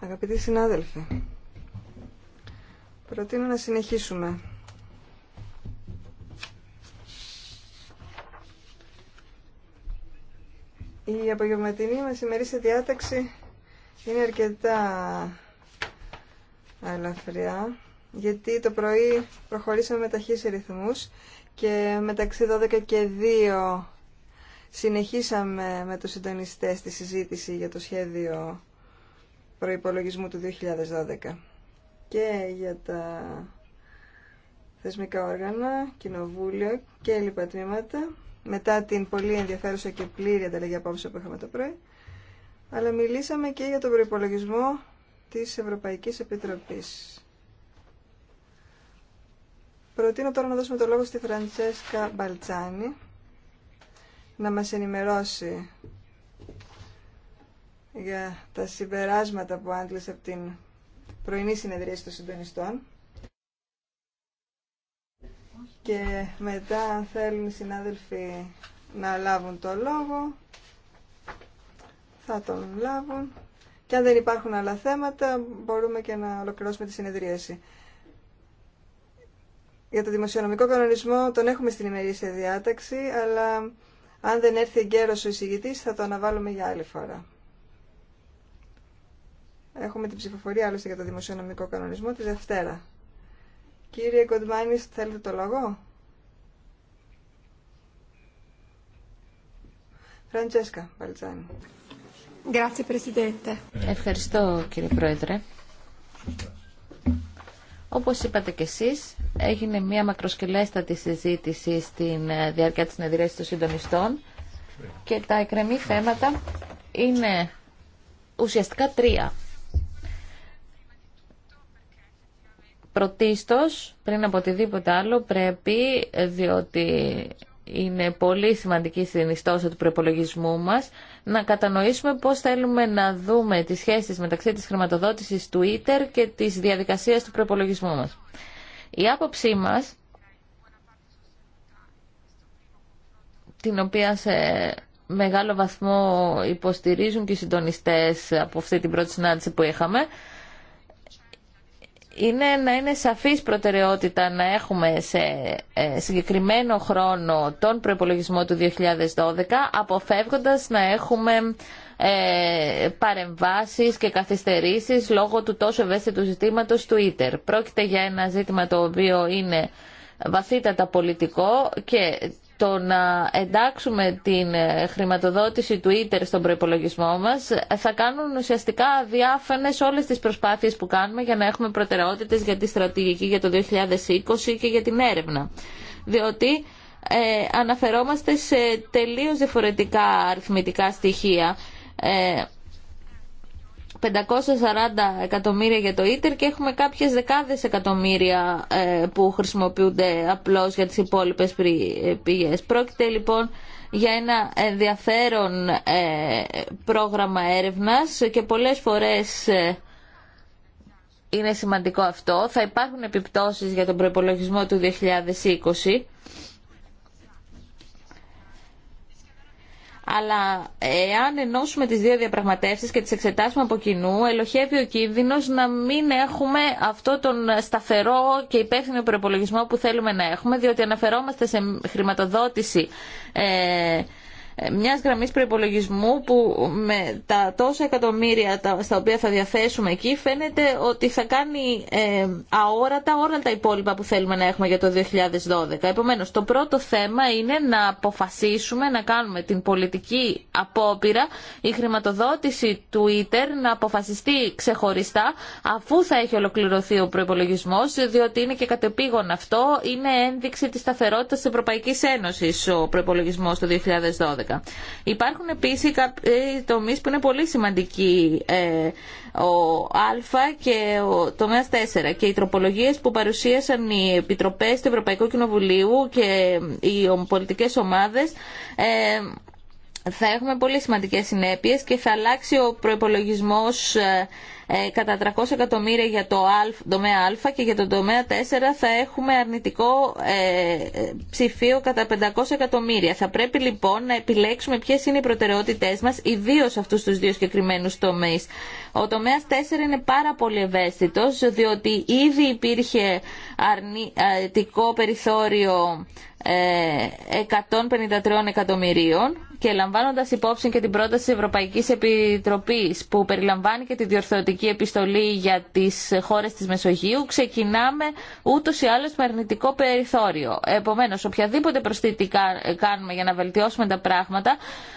Αγαπητοί συνάδελφοι, προτείνω να συνεχίσουμε. Η απογευματινή μας ημερήσια διάταξη είναι αρκετά ελαφριά, γιατί το πρωί προχωρήσαμε με ταχύς ρυθμούς και μεταξύ 12 και 2 συνεχίσαμε με τους συντονιστές τη συζήτηση για το σχέδιο προϋπολογισμού του 2012 και για τα θεσμικά όργανα, κοινοβούλιο και λοιπά τμήματα μετά την πολύ ενδιαφέρουσα και πλήρη ανταλλαγή απόψε που είχαμε το πρωί αλλά μιλήσαμε και για τον προϋπολογισμό της Ευρωπαϊκής Επιτροπής. Προτείνω τώρα να δώσουμε το λόγο στη Φραντσέσκα Μπαλτσάνη να μας ενημερώσει για τα συμπεράσματα που άντλησε από την πρωινή συνεδρίαση των συντονιστών. Και μετά, αν θέλουν οι συνάδελφοι να λάβουν το λόγο, θα τον λάβουν. Και αν δεν υπάρχουν άλλα θέματα, μπορούμε και να ολοκληρώσουμε τη συνεδρίαση. Για το δημοσιονομικό κανονισμό τον έχουμε στην ημερήσια διάταξη, αλλά αν δεν έρθει εγκαίρος ο εισηγητής θα το αναβάλουμε για άλλη φορά. Έχουμε την ψηφοφορία άλλωστε για το δημοσιονομικό κανονισμό τη Δευτέρα. Κύριε Κοντμάνης, θέλετε το λόγο? Φραντσέσκα Βαλτζάνη. Ευχαριστώ κύριε Πρόεδρε. Όπως είπατε και εσείς, έγινε μια μακροσκελέστατη συζήτηση στην ε, διάρκεια της συνεδρίας των συντονιστών και τα εκρεμή θέματα είναι ουσιαστικά τρία. Πρωτίστως, πριν από οτιδήποτε άλλο, πρέπει, διότι είναι πολύ σημαντική συνιστόσα του προπολογισμού μας, να κατανοήσουμε πώς θέλουμε να δούμε τις σχέσεις μεταξύ της χρηματοδότησης του ίτερ και της διαδικασίας του προπολογισμού μας. Η άποψή μας, την οποία σε μεγάλο βαθμό υποστηρίζουν και οι συντονιστές από αυτή την πρώτη συνάντηση που είχαμε, είναι να είναι σαφής προτεραιότητα να έχουμε σε ε, συγκεκριμένο χρόνο τον προπολογισμό του 2012 αποφεύγοντας να έχουμε ε, παρεμβάσεις και καθυστερήσεις λόγω του τόσο ευαίσθητου ζητήματος του ίτερ. Πρόκειται για ένα ζήτημα το οποίο είναι βαθύτατα πολιτικό και το να εντάξουμε την ε, χρηματοδότηση Twitter στον προϋπολογισμό μας ε, θα κάνουν ουσιαστικά διάφανες όλες τις προσπάθειες που κάνουμε για να έχουμε προτεραιότητες για τη στρατηγική για το 2020 και για την έρευνα. Διότι ε, αναφερόμαστε σε τελείως διαφορετικά αριθμητικά στοιχεία. 540 εκατομμύρια για το ίτερ και έχουμε κάποιες δεκάδες εκατομμύρια ε, που χρησιμοποιούνται απλώς για τις υπόλοιπες ε, πηγές. Πρόκειται λοιπόν για ένα ενδιαφέρον ε, πρόγραμμα έρευνας και πολλές φορές είναι σημαντικό αυτό. Θα υπάρχουν επιπτώσεις για τον προϋπολογισμό του 2020 αλλά εάν ενώσουμε τις δύο διαπραγματεύσεις και τις εξετάσουμε από κοινού, ελοχεύει ο κίνδυνος να μην έχουμε αυτό τον σταθερό και υπεύθυνο προπολογισμό που θέλουμε να έχουμε, διότι αναφερόμαστε σε χρηματοδότηση ε, μιας γραμμής προπολογισμού που με τα τόσα εκατομμύρια στα οποία θα διαθέσουμε εκεί φαίνεται ότι θα κάνει ε, αόρατα όλα τα υπόλοιπα που θέλουμε να έχουμε για το 2012. Επομένως, το πρώτο θέμα είναι να αποφασίσουμε να κάνουμε την πολιτική απόπειρα η χρηματοδότηση του Twitter να αποφασιστεί ξεχωριστά αφού θα έχει ολοκληρωθεί ο προπολογισμό, διότι είναι και κατεπήγον αυτό, είναι ένδειξη της σταθερότητας της Ευρωπαϊκής Ένωσης ο προπολογισμό το 2012. Υπάρχουν επίσης τομεί τομείς που είναι πολύ σημαντικοί, ε, ο Α και το τομέα 4 και οι τροπολογίε που παρουσίασαν οι επιτροπέ του Ευρωπαϊκού Κοινοβουλίου και οι πολιτικές ομάδες ε, θα έχουμε πολύ σημαντικές συνέπειες και θα αλλάξει ο προϋπολογισμός ε, ε, κατά 300 εκατομμύρια για το τομέα Α και για το τομέα 4 θα έχουμε αρνητικό ε, ψηφίο κατά 500 εκατομμύρια. Θα πρέπει λοιπόν να επιλέξουμε ποιες είναι οι προτεραιότητές μας, ιδίως αυτούς τους δύο συγκεκριμένους τομείς. Ο τομέας 4 είναι πάρα πολύ ευαίσθητος, διότι ήδη υπήρχε αρνητικό περιθώριο 153 εκατομμυρίων και λαμβάνοντα υπόψη και την πρόταση τη Ευρωπαϊκή Επιτροπή που περιλαμβάνει και τη διορθωτική επιστολή για τι χώρε τη Μεσογείου, ξεκινάμε ούτω ή άλλω με αρνητικό περιθώριο. Επομένω, οποιαδήποτε προσθήκη κάνουμε για να βελτιώσουμε τα πράγματα,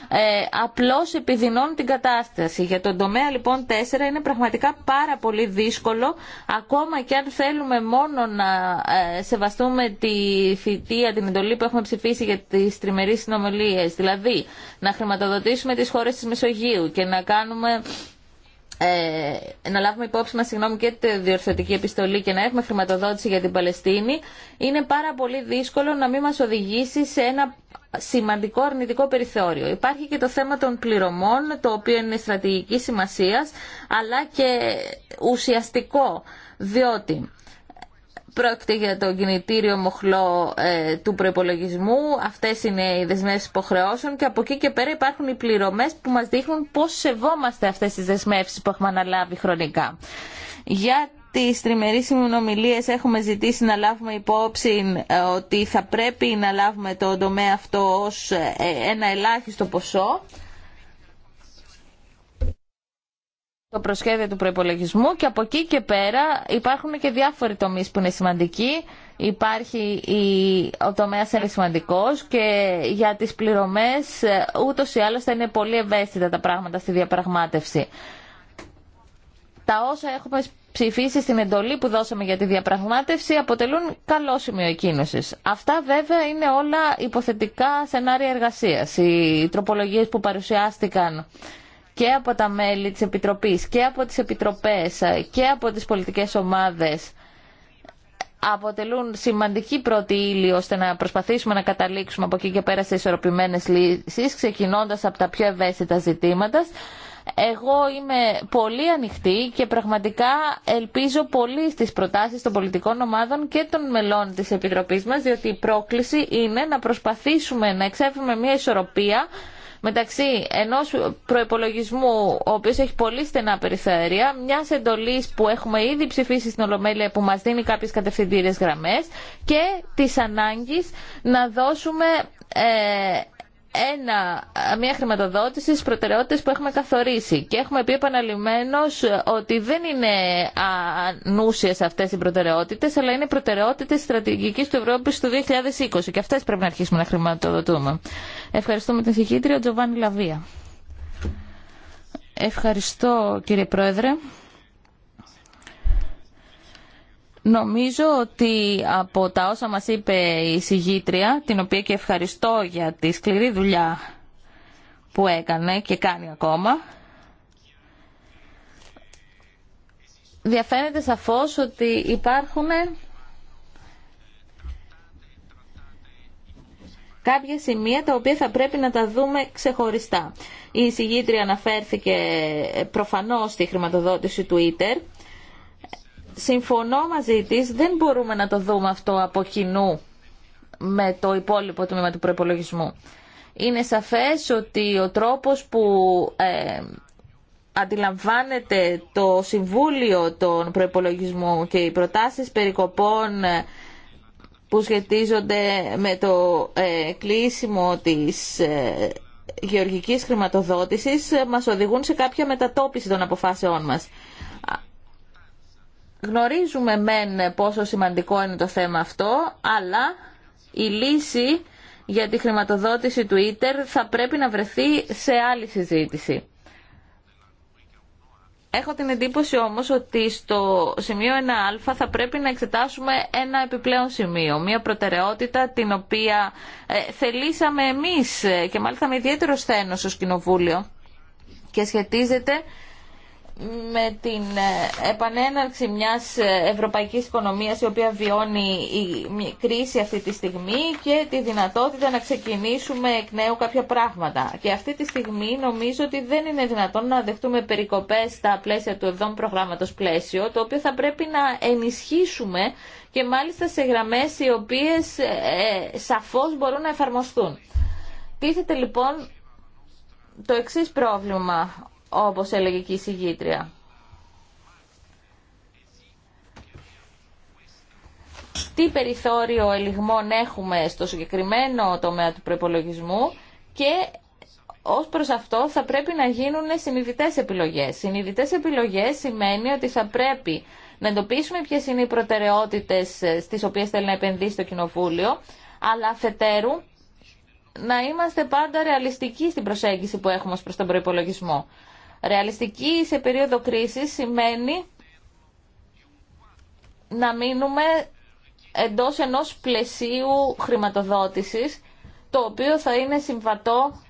ε, απλώς επιδεινώνει την κατάσταση. Για τον τομέα λοιπόν 4 είναι πραγματικά πάρα πολύ δύσκολο, ακόμα και αν θέλουμε μόνο να ε, σεβαστούμε τη θητεία, την εντολή που έχουμε ψηφίσει για τι τριμερεί συνομιλίε. Δηλαδή, να χρηματοδοτήσουμε τις χώρες της Μεσογείου και να κάνουμε ε, να λάβουμε υπόψη μας συγγνώμη και τη διορθωτική επιστολή και να έχουμε χρηματοδότηση για την Παλαιστίνη είναι πάρα πολύ δύσκολο να μην μας οδηγήσει σε ένα σημαντικό αρνητικό περιθώριο. Υπάρχει και το θέμα των πληρωμών το οποίο είναι στρατηγική σημασίας αλλά και ουσιαστικό διότι Πρόκειται για το κινητήριο μοχλό ε, του προπολογισμού. Αυτές είναι οι δεσμεύσεις υποχρεώσεων και από εκεί και πέρα υπάρχουν οι πληρωμέ που μας δείχνουν πώς σεβόμαστε αυτές τις δεσμεύσεις που έχουμε αναλάβει χρονικά. Για τις τριμερεί ομιλίες έχουμε ζητήσει να λάβουμε υπόψη ε, ότι θα πρέπει να λάβουμε το τομέα αυτό ω ε, ένα ελάχιστο ποσό. το προσχέδιο του προπολογισμού και από εκεί και πέρα υπάρχουν και διάφοροι τομείς που είναι σημαντικοί. Υπάρχει η, ο τομέα είναι και για τι πληρωμές ε, ούτω ή άλλω θα είναι πολύ ευαίσθητα τα πράγματα στη διαπραγμάτευση. Τα όσα έχουμε ψηφίσει στην εντολή που δώσαμε για τη διαπραγμάτευση αποτελούν καλό σημείο εκκίνηση. Αυτά βέβαια είναι όλα υποθετικά σενάρια εργασίας. Οι τροπολογίες που παρουσιάστηκαν και από τα μέλη της Επιτροπής και από τις Επιτροπές και από τις πολιτικές ομάδες αποτελούν σημαντική πρώτη ύλη ώστε να προσπαθήσουμε να καταλήξουμε από εκεί και πέρα σε ισορροπημένες λύσεις ξεκινώντας από τα πιο ευαίσθητα ζητήματα εγώ είμαι πολύ ανοιχτή και πραγματικά ελπίζω πολύ στις προτάσεις των πολιτικών ομάδων και των μελών της Επιτροπής μας, διότι η πρόκληση είναι να προσπαθήσουμε να εξέφουμε μια ισορροπία μεταξύ ενός προπολογισμού, ο οποίο έχει πολύ στενά περιθώρια, μιας εντολής που έχουμε ήδη ψηφίσει στην Ολομέλεια που μας δίνει κάποιε κατευθυντήρε γραμμές και της ανάγκη να δώσουμε ε, ένα, μια χρηματοδότηση στις προτεραιότητες που έχουμε καθορίσει. Και έχουμε πει επαναλημμένως ότι δεν είναι ανούσιες αυτές οι προτεραιότητες, αλλά είναι προτεραιότητες στρατηγικής του Ευρώπης του 2020 και αυτές πρέπει να αρχίσουμε να χρηματοδοτούμε. Ευχαριστούμε την συγχύτρια Τζοβάνι Λαβία. Ευχαριστώ κύριε Πρόεδρε. Νομίζω ότι από τα όσα μας είπε η συγγήτρια, την οποία και ευχαριστώ για τη σκληρή δουλειά που έκανε και κάνει ακόμα, διαφαίνεται σαφώς ότι υπάρχουν κάποια σημεία τα οποία θα πρέπει να τα δούμε ξεχωριστά. Η συγγήτρια αναφέρθηκε ε, προφανώς στη χρηματοδότηση του ΙΤΕΡ συμφωνώ μαζί της, δεν μπορούμε να το δούμε αυτό από κοινού με το υπόλοιπο τμήμα του προπολογισμού. Είναι σαφές ότι ο τρόπος που ε, αντιλαμβάνεται το Συμβούλιο των Προπολογισμού και οι προτάσεις περικοπών ε, που σχετίζονται με το ε, κλείσιμο της ε, γεωργικής χρηματοδότησης ε, μας οδηγούν σε κάποια μετατόπιση των αποφάσεών μας γνωρίζουμε μεν πόσο σημαντικό είναι το θέμα αυτό, αλλά η λύση για τη χρηματοδότηση του Ίτερ θα πρέπει να βρεθεί σε άλλη συζήτηση. Έχω την εντύπωση όμως ότι στο σημείο 1α θα πρέπει να εξετάσουμε ένα επιπλέον σημείο, μια προτεραιότητα την οποία ε, θελήσαμε εμείς ε, και μάλιστα με ιδιαίτερο σθένος στο Κοινοβούλιο και σχετίζεται με την ε, επανέναρξη μιας ε, ευρωπαϊκής οικονομίας η οποία βιώνει η κρίση αυτή τη στιγμή και τη δυνατότητα να ξεκινήσουμε εκ νέου κάποια πράγματα. Και αυτή τη στιγμή νομίζω ότι δεν είναι δυνατόν να δεχτούμε περικοπές στα πλαίσια του 7 προγράμματος πλαίσιο, το οποίο θα πρέπει να ενισχύσουμε και μάλιστα σε γραμμές οι οποίες ε, σαφώς μπορούν να εφαρμοστούν. Τίθεται λοιπόν το εξής πρόβλημα όπως έλεγε και η συγγήτρια. Τι περιθώριο ελιγμών έχουμε στο συγκεκριμένο τομέα του προϋπολογισμού και ως προς αυτό θα πρέπει να γίνουν συνειδητές επιλογές. Συνειδητές επιλογές σημαίνει ότι θα πρέπει να εντοπίσουμε ποιες είναι οι προτεραιότητες στις οποίες θέλει να επενδύσει το Κοινοβούλιο, αλλά αφετέρου να είμαστε πάντα ρεαλιστικοί στην προσέγγιση που έχουμε προς τον προϋπολογισμό. Ρεαλιστική σε περίοδο κρίσης σημαίνει να μείνουμε εντός ενός πλαισίου χρηματοδότησης, το οποίο θα είναι συμβατό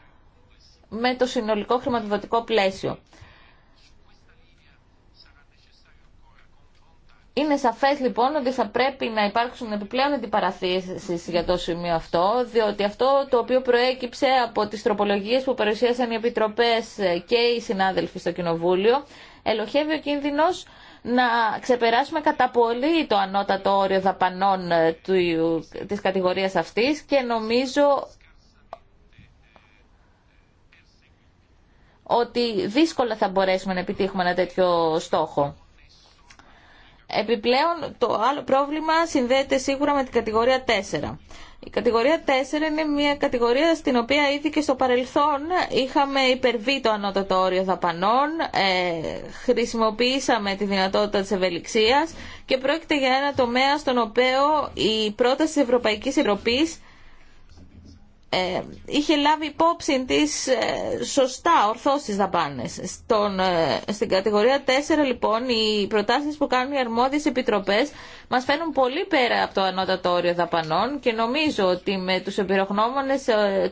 με το συνολικό χρηματοδοτικό πλαίσιο. Είναι σαφές λοιπόν ότι θα πρέπει να υπάρξουν επιπλέον αντιπαραθέσεις για το σημείο αυτό, διότι αυτό το οποίο προέκυψε από τις τροπολογίες που παρουσίασαν οι επιτροπές και οι συνάδελφοι στο Κοινοβούλιο, ελοχεύει ο κίνδυνος να ξεπεράσουμε κατά πολύ το ανώτατο όριο δαπανών της κατηγορίας αυτής και νομίζω ότι δύσκολα θα μπορέσουμε να επιτύχουμε ένα τέτοιο στόχο. Επιπλέον, το άλλο πρόβλημα συνδέεται σίγουρα με την κατηγορία 4. Η κατηγορία 4 είναι μια κατηγορία στην οποία ήδη και στο παρελθόν είχαμε υπερβεί το ανώτατο όριο δαπανών, ε, χρησιμοποιήσαμε τη δυνατότητα της ευελιξίας και πρόκειται για ένα τομέα στον οποίο η πρόταση της Ευρωπαϊκής Ευρωπής ε, είχε λάβει υπόψη της ε, σωστά ορθώς τις δαπάνες. Στον, ε, στην κατηγορία 4 λοιπόν οι προτάσεις που κάνουν οι αρμόδιες επιτροπές μας φαίνουν πολύ πέρα από το ανώτατο όριο δαπανών και νομίζω ότι με τους ε,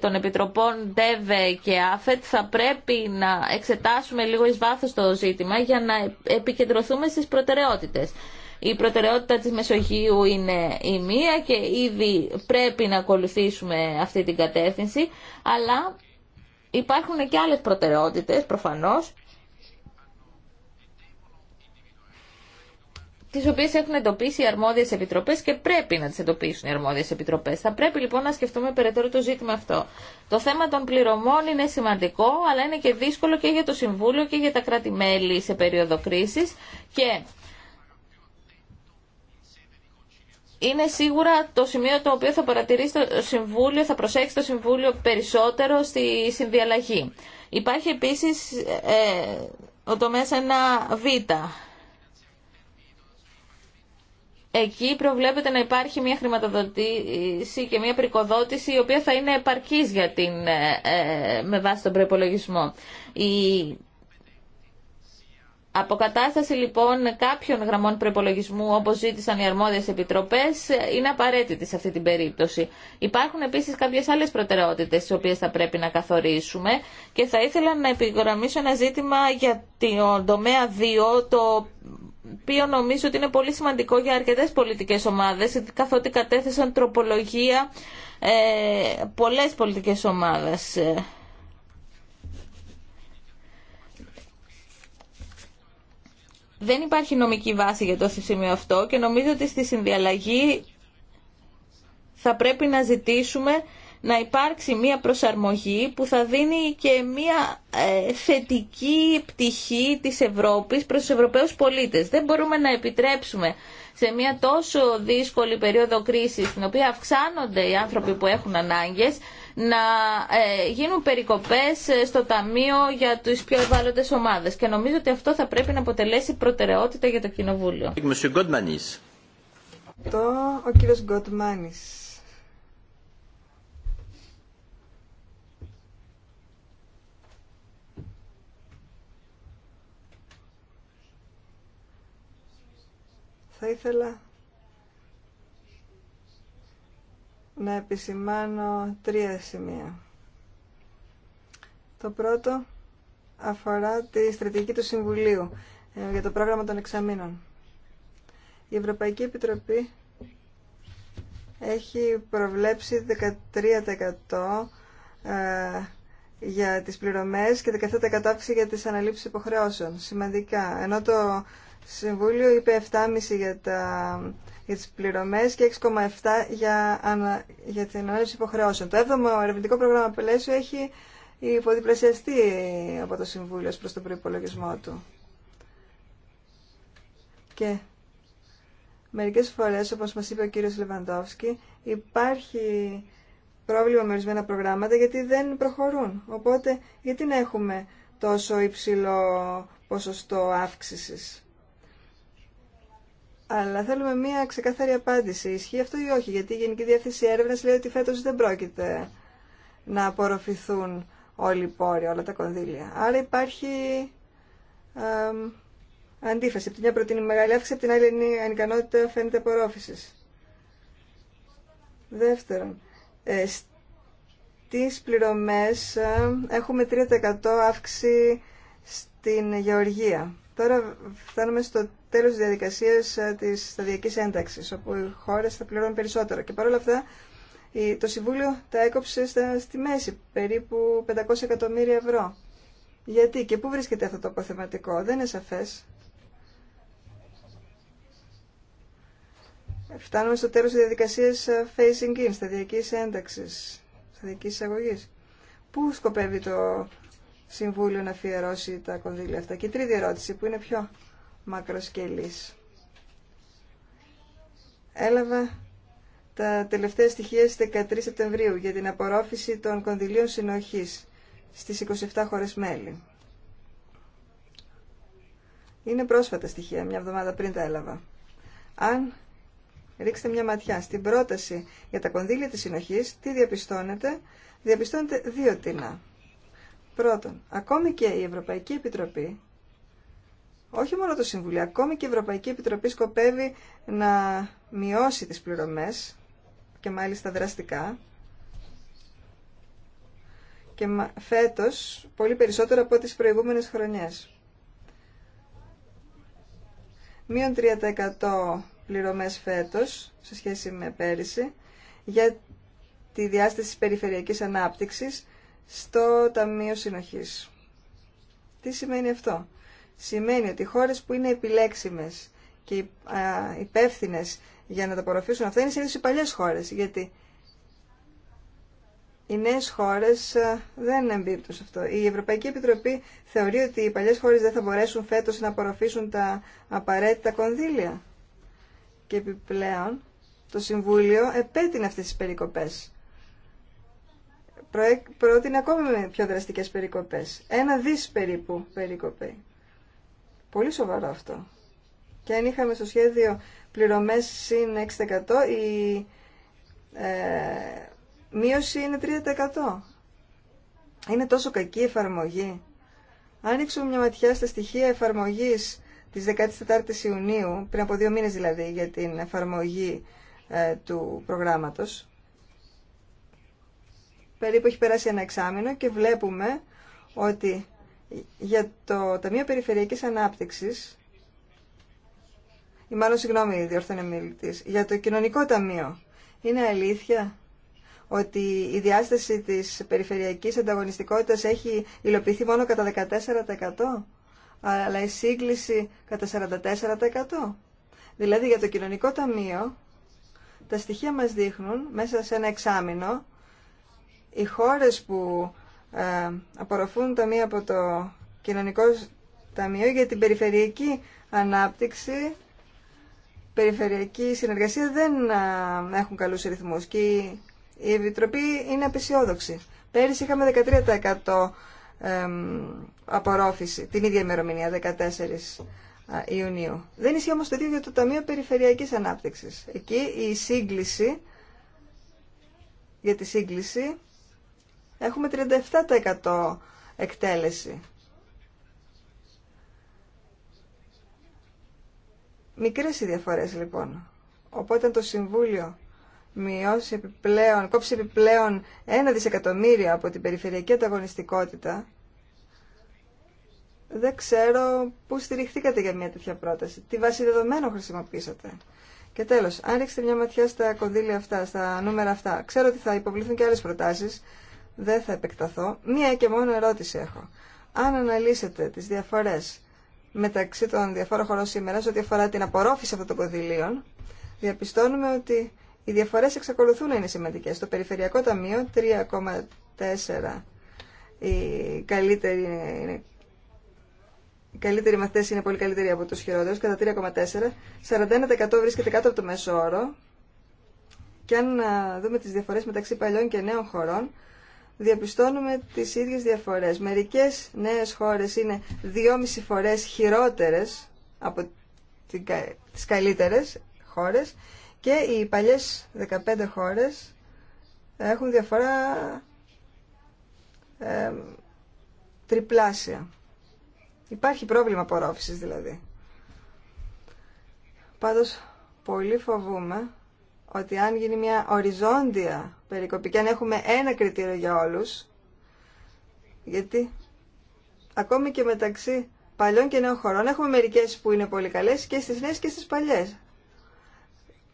των επιτροπών ΔΕΒΕ και ΑΦΕΤ θα πρέπει να εξετάσουμε λίγο εις βάθος το ζήτημα για να επικεντρωθούμε στις προτεραιότητες. Η προτεραιότητα της Μεσογείου είναι η μία και ήδη πρέπει να ακολουθήσουμε αυτή την κατεύθυνση, αλλά υπάρχουν και άλλες προτεραιότητες προφανώς, τις οποίες έχουν εντοπίσει οι αρμόδιες επιτροπές και πρέπει να τις εντοπίσουν οι αρμόδιες επιτροπές. Θα πρέπει λοιπόν να σκεφτούμε περαιτέρω το ζήτημα αυτό. Το θέμα των πληρωμών είναι σημαντικό, αλλά είναι και δύσκολο και για το Συμβούλιο και για τα κράτη-μέλη σε περίοδο κρίσης και είναι σίγουρα το σημείο το οποίο θα παρατηρήσει το Συμβούλιο, θα προσέξει το Συμβούλιο περισσότερο στη συνδιαλλαγή. Υπάρχει επίσης ε, ο τομέας 1β. Εκεί προβλέπεται να υπάρχει μια χρηματοδότηση και μια πρικοδότηση η οποία θα είναι επαρκής για την, ε, ε, με βάση τον προϋπολογισμό. Η Αποκατάσταση λοιπόν κάποιων γραμμών προπολογισμού όπω ζήτησαν οι αρμόδιε επιτροπέ είναι απαραίτητη σε αυτή την περίπτωση. Υπάρχουν επίση κάποιε άλλε προτεραιότητε τι οποίε θα πρέπει να καθορίσουμε και θα ήθελα να επιγραμμίσω ένα ζήτημα για το τομέα 2, το οποίο νομίζω ότι είναι πολύ σημαντικό για αρκετέ πολιτικέ ομάδε, καθότι κατέθεσαν τροπολογία ε, πολλέ πολιτικέ ομάδε. Δεν υπάρχει νομική βάση για το σημείο αυτό και νομίζω ότι στη συνδιαλλαγή θα πρέπει να ζητήσουμε να υπάρξει μία προσαρμογή που θα δίνει και μία ε, θετική πτυχή της Ευρώπης προς τους Ευρωπαίους πολίτες. Δεν μπορούμε να επιτρέψουμε σε μία τόσο δύσκολη περίοδο κρίσης, στην οποία αυξάνονται οι άνθρωποι που έχουν ανάγκες, να ε, γίνουν περικοπές ε, στο Ταμείο για τις πιο ευάλωτες ομάδες. Και νομίζω ότι αυτό θα πρέπει να αποτελέσει προτεραιότητα για το Κοινοβούλιο. Το ο κύριος Γκοτμάνης. Θα ήθελα να επισημάνω τρία σημεία. Το πρώτο αφορά τη στρατηγική του Συμβουλίου ε, για το πρόγραμμα των εξαμήνων. Η Ευρωπαϊκή Επιτροπή έχει προβλέψει 13% ε, για τις πληρωμές και 17% για τις αναλήψεις υποχρεώσεων. Σημαντικά. Ενώ το Συμβούλιο είπε 7,5% για τα για τι πληρωμέ και 6,7 για, για την ανάλυση υποχρεώσεων. Το 7ο ερευνητικό πρόγραμμα Πελέσιο έχει υποδιπλασιαστεί από το Συμβούλιο προ τον προπολογισμό του. Και μερικές φορές, όπως μας είπε ο κύριος Λεβαντόφσκι, υπάρχει πρόβλημα με ορισμένα προγράμματα γιατί δεν προχωρούν. Οπότε, γιατί να έχουμε τόσο υψηλό ποσοστό αύξησης. Αλλά θέλουμε μία ξεκάθαρη απάντηση. Ισχύει αυτό ή όχι, γιατί η Γενική Διεύθυνση Έρευνα λέει ότι φέτο δεν πρόκειται να απορροφηθούν όλοι οι πόροι, όλα τα κονδύλια. Άρα υπάρχει ε, αντίφαση. Από την μια προτείνει μεγάλη αύξηση, από την άλλη είναι ανικανότητα φαίνεται απορρόφηση. Δεύτερον, ε, στις πληρωμές έχουμε 3% αύξηση την Γεωργία. Τώρα φτάνουμε στο τέλος της διαδικασίας ε, της σταδιακής ένταξης, όπου οι χώρες θα πληρώνουν περισσότερο. Και παρόλα αυτά, το Συμβούλιο τα έκοψε στη μέση, περίπου 500 εκατομμύρια ευρώ. Γιατί και πού βρίσκεται αυτό το αποθεματικό, δεν είναι σαφές. Φτάνουμε στο τέλος της διαδικασίας Facing ε, in, σταδιακής ένταξης, σταδιακής εισαγωγής. Πού σκοπεύει το Συμβούλιο να αφιερώσει τα κονδύλια αυτά. Και η τρίτη ερώτηση που είναι πιο μακροσκελής. Έλαβα τα τελευταία στοιχεία στις 13 Σεπτεμβρίου για την απορρόφηση των κονδυλίων συνοχής στις 27 χώρες μέλη. Είναι πρόσφατα στοιχεία, μια εβδομάδα πριν τα έλαβα. Αν ρίξετε μια ματιά στην πρόταση για τα κονδύλια της συνοχής, τι διαπιστώνετε. Διαπιστώνετε δύο τινά. Πρώτον, ακόμη και η Ευρωπαϊκή Επιτροπή, όχι μόνο το Συμβουλίο, ακόμη και η Ευρωπαϊκή Επιτροπή σκοπεύει να μειώσει τις πληρωμές και μάλιστα δραστικά και φέτος πολύ περισσότερο από τις προηγούμενες χρονιές. Μείον 30% πληρωμές φέτος σε σχέση με πέρυσι για τη διάσταση περιφερειακής ανάπτυξης στο Ταμείο Συνοχής. Τι σημαίνει αυτό. Σημαίνει ότι οι χώρες που είναι επιλέξιμες και υπεύθυνε για να τα απορροφήσουν αυτά είναι συνήθως οι παλιές χώρες, γιατί οι νέε χώρε δεν εμπίπτουν σε αυτό. Η Ευρωπαϊκή Επιτροπή θεωρεί ότι οι παλιέ χώρε δεν θα μπορέσουν φέτο να απορροφήσουν τα απαραίτητα κονδύλια. Και επιπλέον το Συμβούλιο επέτεινε αυτέ τι περικοπέ πρότεινε ακόμη πιο δραστικές περικοπές. Ένα δις περίπου περικοπέ. Πολύ σοβαρό αυτό. Και αν είχαμε στο σχέδιο πληρωμές συν 6% η ε, μείωση είναι 3%. Είναι τόσο κακή η εφαρμογή. Αν μια ματιά στα στοιχεία εφαρμογής της 14 η Ιουνίου, πριν από δύο μήνες δηλαδή, για την εφαρμογή ε, του προγράμματος, περίπου έχει περάσει ένα εξάμεινο και βλέπουμε ότι για το Ταμείο Περιφερειακής Ανάπτυξης ή μάλλον συγγνώμη διορθώνε μιλητής, για το Κοινωνικό Ταμείο είναι αλήθεια ότι η διάσταση της περιφερειακής ανταγωνιστικότητας έχει υλοποιηθεί μόνο κατά 14% αλλά η σύγκληση κατά 44%. Δηλαδή για το κοινωνικό ταμείο τα στοιχεία μας δείχνουν μέσα σε ένα εξάμεινο οι χώρες που ε, απορροφούν ταμεία από το Κοινωνικό Ταμείο για την περιφερειακή ανάπτυξη, περιφερειακή συνεργασία δεν ε, έχουν καλούς ρυθμούς και η Επιτροπή είναι απεσιόδοξη. Πέρυσι είχαμε 13% ε, απορρόφηση, την ίδια ημερομηνία, 14 Ιουνίου. Δεν ισχύει όμως το ίδιο για το Ταμείο Περιφερειακής Ανάπτυξης. Εκεί η σύγκληση, για τη σύγκληση, Έχουμε 37% εκτέλεση. Μικρές οι διαφορές λοιπόν. Οπότε το Συμβούλιο μειώσει επιπλέον, κόψει επιπλέον ένα δισεκατομμύριο από την περιφερειακή ανταγωνιστικότητα, δεν ξέρω πού στηριχθήκατε για μια τέτοια πρόταση. Τι βάση δεδομένων χρησιμοποίησατε. Και τέλος, αν ρίξετε μια ματιά στα κονδύλια αυτά, στα νούμερα αυτά, ξέρω ότι θα υποβληθούν και άλλες προτάσεις δεν θα επεκταθώ. Μία και μόνο ερώτηση έχω. Αν αναλύσετε τι διαφορέ μεταξύ των διαφόρων χωρών σήμερα σε ό,τι αφορά την απορρόφηση αυτών των κονδυλίων, διαπιστώνουμε ότι οι διαφορέ εξακολουθούν να είναι σημαντικέ. Στο Περιφερειακό Ταμείο 3,4 η καλύτεροι είναι οι καλύτεροι μαθητέ είναι πολύ καλύτεροι από του χειρότερου, κατά 3,4. 41% βρίσκεται κάτω από το μέσο όρο. Και αν δούμε τι διαφορέ μεταξύ παλιών και νέων χωρών, διαπιστώνουμε τις ίδιες διαφορές. Μερικές νέες χώρες είναι δυόμιση φορές χειρότερες από τις καλύτερες χώρες και οι παλιές 15 χώρες έχουν διαφορά τριπλάσια. Υπάρχει πρόβλημα απορρόφησης δηλαδή. Πάντως πολύ φοβούμαι ότι αν γίνει μια οριζόντια περικοπή και αν έχουμε ένα κριτήριο για όλους, γιατί ακόμη και μεταξύ παλιών και νέων χωρών έχουμε μερικές που είναι πολύ καλές και στις νέες και στις παλιές.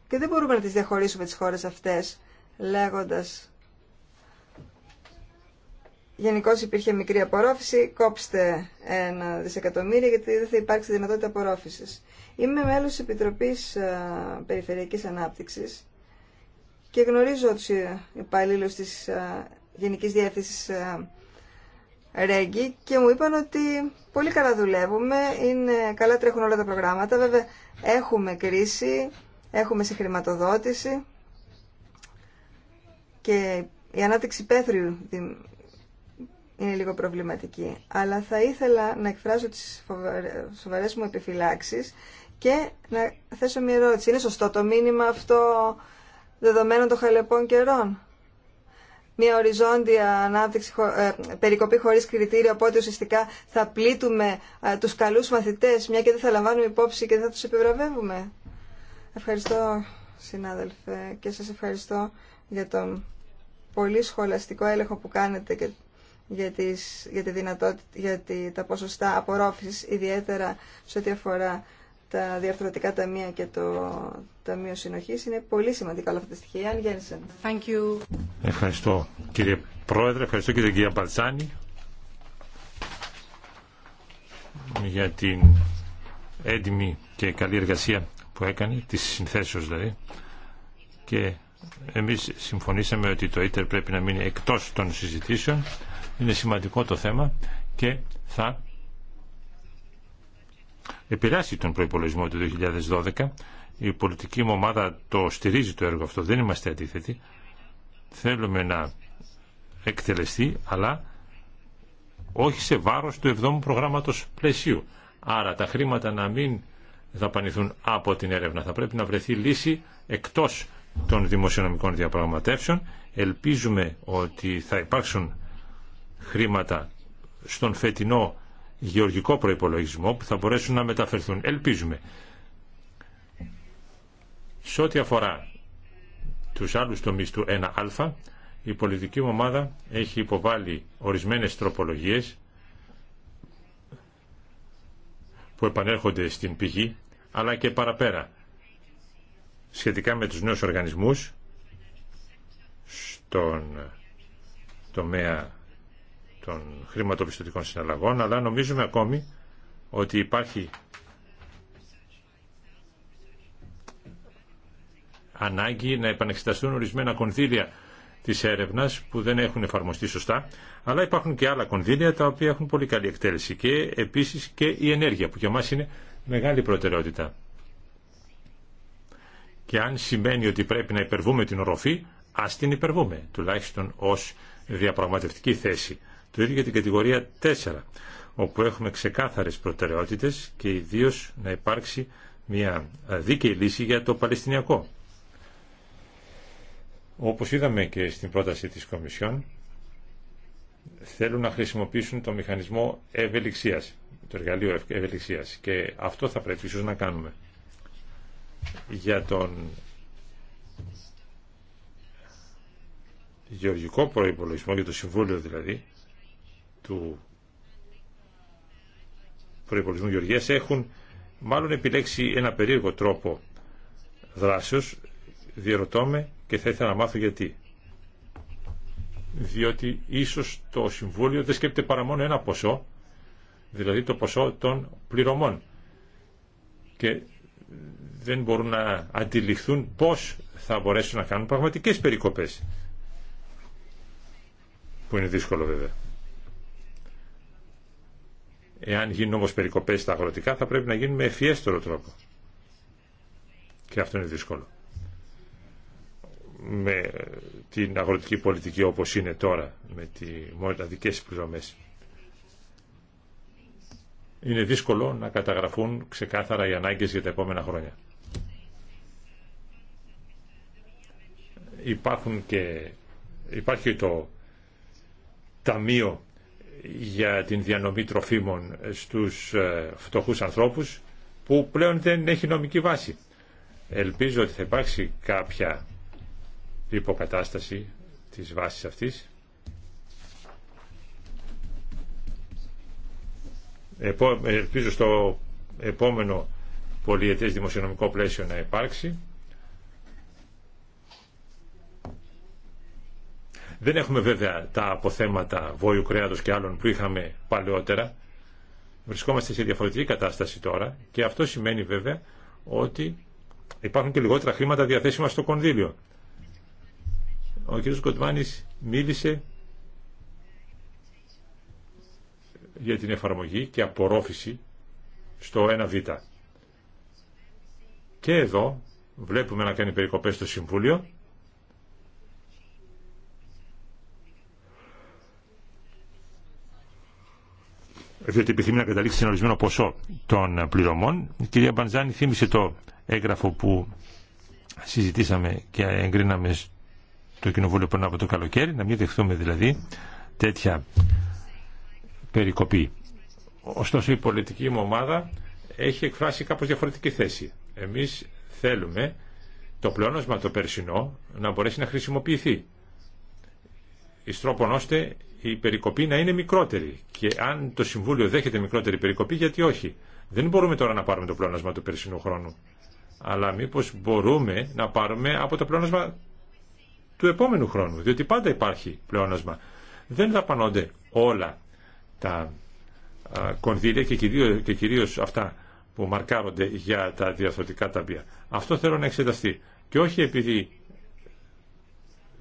Και δεν μπορούμε να τις διαχωρίσουμε τις χώρες αυτές λέγοντας Γενικώ υπήρχε μικρή απορρόφηση, κόψτε ένα δισεκατομμύριο γιατί δεν θα υπάρξει δυνατότητα απορρόφησης. Είμαι μέλος τη Επιτροπής ε, περιφερειακή Ανάπτυξης και γνωρίζω του υπαλλήλου τη ε, Γενικής διεύθυνση ε, Ρέγγι και μου είπαν ότι πολύ καλά δουλεύουμε, είναι, καλά τρέχουν όλα τα προγράμματα. Βέβαια έχουμε κρίση, έχουμε συγχρηματοδότηση και η ανάπτυξη πέθριου είναι λίγο προβληματική. Αλλά θα ήθελα να εκφράσω τις σοβαρές μου επιφυλάξεις και να θέσω μια ερώτηση. Είναι σωστό το μήνυμα αυτό δεδομένων των χαλεπών καιρών. Μια οριζόντια ανάπτυξη, ε, περικοπή χωρίς κριτήριο, οπότε ουσιαστικά θα πλήττουμε ε, τους καλούς μαθητές, μια και δεν θα λαμβάνουμε υπόψη και δεν θα τους επιβραβεύουμε. Ευχαριστώ, συνάδελφε, και σας ευχαριστώ για τον πολύ σχολαστικό έλεγχο που κάνετε και για, τις, τα ποσοστά απορρόφησης, ιδιαίτερα σε ό,τι αφορά τα διαρθρωτικά ταμεία και το Ταμείο Συνοχής. Είναι πολύ σημαντικά όλα αυτά τα στοιχεία. Ευχαριστώ κύριε Πρόεδρε, ευχαριστώ κύριε κυρία Μπαλτσάνη για την έντιμη και καλή εργασία που έκανε, της συνθέσεως δηλαδή. Και εμείς συμφωνήσαμε ότι το ίτερ πρέπει να μείνει εκτός των συζητήσεων. Είναι σημαντικό το θέμα και θα επηρεάσει τον προϋπολογισμό του 2012. Η πολιτική μου ομάδα το στηρίζει το έργο αυτό, δεν είμαστε αντίθετοι. Θέλουμε να εκτελεστεί, αλλά όχι σε βάρος του 7ου προγράμματος πλαισίου. Άρα τα χρήματα να μην δαπανηθούν από την έρευνα. Θα πρέπει να βρεθεί λύση εκτός των δημοσιονομικών διαπραγματεύσεων. Ελπίζουμε ότι θα υπάρξουν χρήματα στον φετινό γεωργικό προϋπολογισμό που θα μπορέσουν να μεταφερθούν. Ελπίζουμε. Σε ό,τι αφορά τους άλλους τομείς του 1α, η πολιτική ομάδα έχει υποβάλει ορισμένες τροπολογίες που επανέρχονται στην πηγή, αλλά και παραπέρα, σχετικά με τους νέους οργανισμούς στον τομέα των χρηματοπιστωτικών συναλλαγών, αλλά νομίζουμε ακόμη ότι υπάρχει ανάγκη να επανεξεταστούν ορισμένα κονδύλια της έρευνας που δεν έχουν εφαρμοστεί σωστά, αλλά υπάρχουν και άλλα κονδύλια τα οποία έχουν πολύ καλή εκτέλεση και επίσης και η ενέργεια που για μας είναι μεγάλη προτεραιότητα. Και αν σημαίνει ότι πρέπει να υπερβούμε την οροφή, ας την υπερβούμε, τουλάχιστον ως διαπραγματευτική θέση. Το ίδιο για την κατηγορία 4, όπου έχουμε ξεκάθαρες προτεραιότητες και ιδίω να υπάρξει μια δίκαιη λύση για το Παλαιστινιακό. Όπως είδαμε και στην πρόταση της Κομισιόν, θέλουν να χρησιμοποιήσουν το μηχανισμό ευελιξίας, το εργαλείο ευελιξίας και αυτό θα πρέπει ίσως να κάνουμε. Για τον γεωργικό προϋπολογισμό, για το Συμβούλιο δηλαδή, του προϋπολογισμού Γεωργίας έχουν μάλλον επιλέξει ένα περίεργο τρόπο δράσεως διερωτώ και θα ήθελα να μάθω γιατί διότι ίσως το Συμβούλιο δεν σκέπτεται παρά μόνο ένα ποσό δηλαδή το ποσό των πληρωμών και δεν μπορούν να αντιληφθούν πώς θα μπορέσουν να κάνουν πραγματικές περικοπές που είναι δύσκολο βέβαια Εάν γίνουν όμω περικοπές στα αγροτικά θα πρέπει να γίνουν με ευφιέστερο τρόπο. Και αυτό είναι δύσκολο. Με την αγροτική πολιτική όπως είναι τώρα, με τι μοναδικέ πληρωμές. Είναι δύσκολο να καταγραφούν ξεκάθαρα οι ανάγκες για τα επόμενα χρόνια. Υπάρχουν και, υπάρχει το Ταμείο για την διανομή τροφίμων στους ε, φτωχούς ανθρώπους που πλέον δεν έχει νομική βάση. Ελπίζω ότι θα υπάρξει κάποια υποκατάσταση της βάσης αυτής. Ελπίζω στο επόμενο πολιετές δημοσιονομικό πλαίσιο να υπάρξει. Δεν έχουμε βέβαια τα αποθέματα βόλου κρέατος και άλλων που είχαμε παλαιότερα. Βρισκόμαστε σε διαφορετική κατάσταση τώρα και αυτό σημαίνει βέβαια ότι υπάρχουν και λιγότερα χρήματα διαθέσιμα στο κονδύλιο. Ο κ. Κοντμάνης μίλησε για την εφαρμογή και απορρόφηση στο 1β. Και εδώ βλέπουμε να κάνει περικοπές στο Συμβούλιο διότι επιθυμεί να καταλήξει σε ορισμένο ποσό των πληρωμών. Η κυρία Μπανζάνη θύμισε το έγγραφο που συζητήσαμε και εγκρίναμε στο Κοινοβούλιο πριν από το καλοκαίρι, να μην δεχθούμε δηλαδή τέτοια περικοπή. Ωστόσο η πολιτική μου ομάδα έχει εκφράσει κάπως διαφορετική θέση. Εμείς θέλουμε το πλεόνασμα το περσινό να μπορέσει να χρησιμοποιηθεί εις ώστε η περικοπή να είναι μικρότερη. Και αν το Συμβούλιο δέχεται μικρότερη περικοπή, γιατί όχι. Δεν μπορούμε τώρα να πάρουμε το πλεόνασμα του περσινού χρόνου. Αλλά μήπω μπορούμε να πάρουμε από το πλεόνασμα του επόμενου χρόνου. Διότι πάντα υπάρχει πλεόνασμα. Δεν δαπανώνται όλα τα κονδύλια και κυρίω κυρίως αυτά που μαρκάρονται για τα διαθωτικά ταμπία. Αυτό θέλω να εξεταστεί. Και όχι επειδή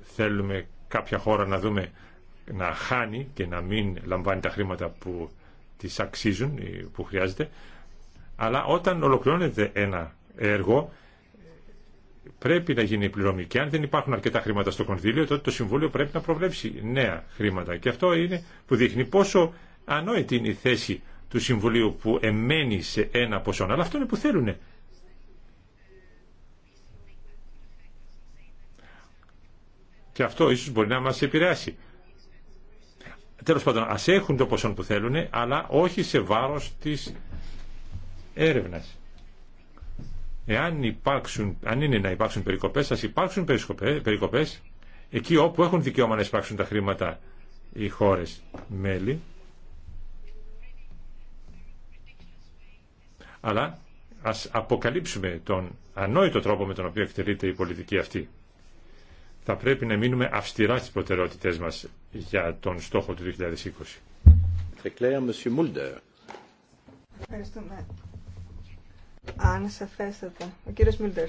θέλουμε κάποια χώρα να δούμε να χάνει και να μην λαμβάνει τα χρήματα που τις αξίζουν, που χρειάζεται, αλλά όταν ολοκληρώνεται ένα έργο πρέπει να γίνει η πληρωμή και αν δεν υπάρχουν αρκετά χρήματα στο κονδύλιο τότε το Συμβούλιο πρέπει να προβλέψει νέα χρήματα και αυτό είναι που δείχνει πόσο ανόητη είναι η θέση του Συμβουλίου που εμένει σε ένα ποσό αλλά αυτό είναι που θέλουν και αυτό ίσως μπορεί να μας επηρεάσει Τέλο πάντων α έχουν το ποσό που θέλουν αλλά όχι σε βάρος της έρευνα. εάν υπάρξουν, αν είναι να υπάρξουν περικοπές α υπάρξουν περικοπέ, εκεί όπου έχουν δικαίωμα να εισπράξουν τα χρήματα οι χώρες μέλη αλλά ας αποκαλύψουμε τον ανόητο τρόπο με τον οποίο εκτελείται η πολιτική αυτή θα πρέπει να μείνουμε αυστηρά στις προτεραιότητές μας για τον στόχο του 2020. Ευχαριστούμε. Αν σαφέστατα. Ο κύριος Μούλντερ.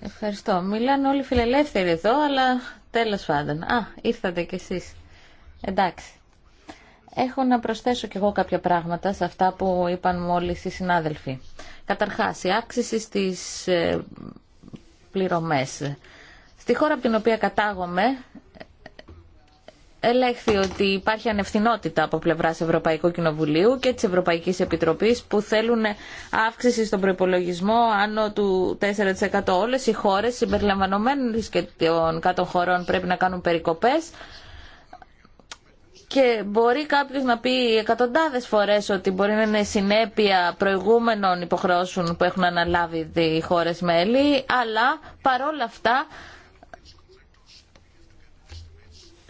Ευχαριστώ. Μιλάνε όλοι φιλελεύθεροι εδώ, αλλά τέλος πάντων. Α, ήρθατε κι εσείς. Εντάξει. Έχω να προσθέσω κι εγώ κάποια πράγματα σε αυτά που είπαν μόλις οι συνάδελφοι. Καταρχάς, η αύξηση στις ε, πληρωμές. Στη χώρα από την οποία κατάγομαι, ελέγχθη ότι υπάρχει ανευθυνότητα από πλευρά Ευρωπαϊκού Κοινοβουλίου και τη Ευρωπαϊκή Επιτροπή που θέλουν αύξηση στον προπολογισμό άνω του 4%. Όλε οι χώρε, συμπεριλαμβανομένε και των κάτω χωρών, πρέπει να κάνουν περικοπέ. Και μπορεί κάποιος να πει εκατοντάδες φορές ότι μπορεί να είναι συνέπεια προηγούμενων υποχρεώσεων που έχουν αναλάβει οι χώρες μέλη, αλλά παρόλα αυτά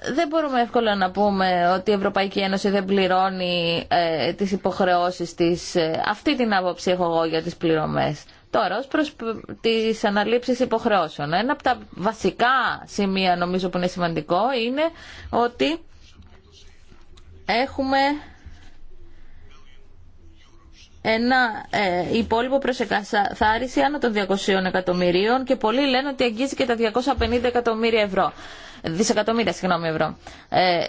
δεν μπορούμε εύκολα να πούμε ότι η Ευρωπαϊκή Ένωση δεν πληρώνει ε, τις υποχρεώσεις της. Ε, αυτή την άποψη έχω εγώ για τις πληρωμές. Τώρα, ως προς τις αναλήψεις υποχρεώσεων, ένα από τα βασικά σημεία νομίζω που είναι σημαντικό είναι ότι έχουμε ένα ε, υπόλοιπο προς εκαθάριση άνω των 200 εκατομμυρίων και πολλοί λένε ότι αγγίζει και τα 250 εκατομμύρια ευρώ δισεκατομμύρια συγγνώμη, ευρώ. Ε,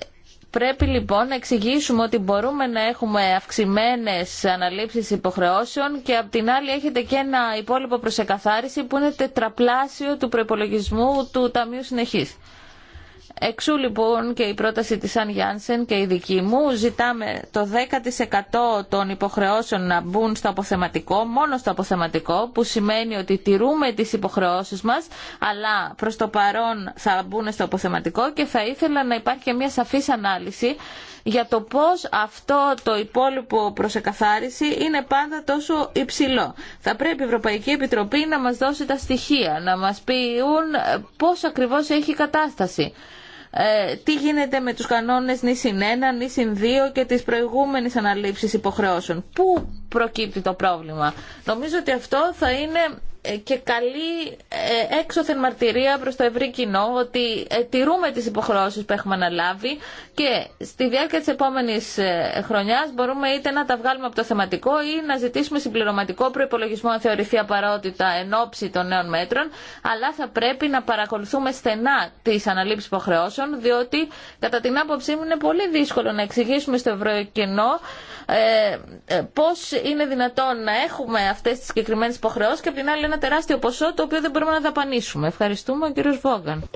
πρέπει λοιπόν να εξηγήσουμε ότι μπορούμε να έχουμε αυξημένες αναλήψεις υποχρεώσεων και απ' την άλλη έχετε και ένα υπόλοιπο προσεκαθάριση που είναι τετραπλάσιο του προπολογισμού του Ταμείου Συνεχής. Εξού λοιπόν και η πρόταση της Αν Γιάνσεν και η δική μου ζητάμε το 10% των υποχρεώσεων να μπουν στο αποθεματικό, μόνο στο αποθεματικό, που σημαίνει ότι τηρούμε τις υποχρεώσεις μας, αλλά προς το παρόν θα μπουν στο αποθεματικό και θα ήθελα να υπάρχει και μια σαφής ανάλυση για το πώς αυτό το υπόλοιπο προσεκαθάριση είναι πάντα τόσο υψηλό. Θα πρέπει η Ευρωπαϊκή Επιτροπή να μας δώσει τα στοιχεία, να μας πει ε, πώς ακριβώς έχει η κατάσταση. Ε, τι γίνεται με τους κανόνες νησιν 1, νησιν 2 και τις προηγούμενες αναλήψεις υποχρεώσεων. Πού προκύπτει το πρόβλημα. Νομίζω ότι αυτό θα είναι ε, και καλή ε, έξωθεν μαρτυρία προς το ευρύ κοινό ότι ε, τηρούμε τις υποχρεώσεις που έχουμε αναλάβει και στη διάρκεια της επόμενης χρονιάς μπορούμε είτε να τα βγάλουμε από το θεματικό ή να ζητήσουμε συμπληρωματικό προϋπολογισμό αν θεωρηθεί απαραότητα εν ώψη των νέων μέτρων αλλά θα πρέπει να παρακολουθούμε στενά τις αναλήψεις υποχρεώσεων διότι κατά την άποψή μου είναι πολύ δύσκολο να εξηγήσουμε στο ευρύ κοινό ε, πώς είναι δυνατόν να έχουμε αυτές τις συγκεκριμένες υποχρεώσεις και την άλλη ένα τεράστιο ποσό το οποίο δεν μπορούμε να δαπανίσουμε. Ευχαριστούμε, ο κύριος Βόγκαν.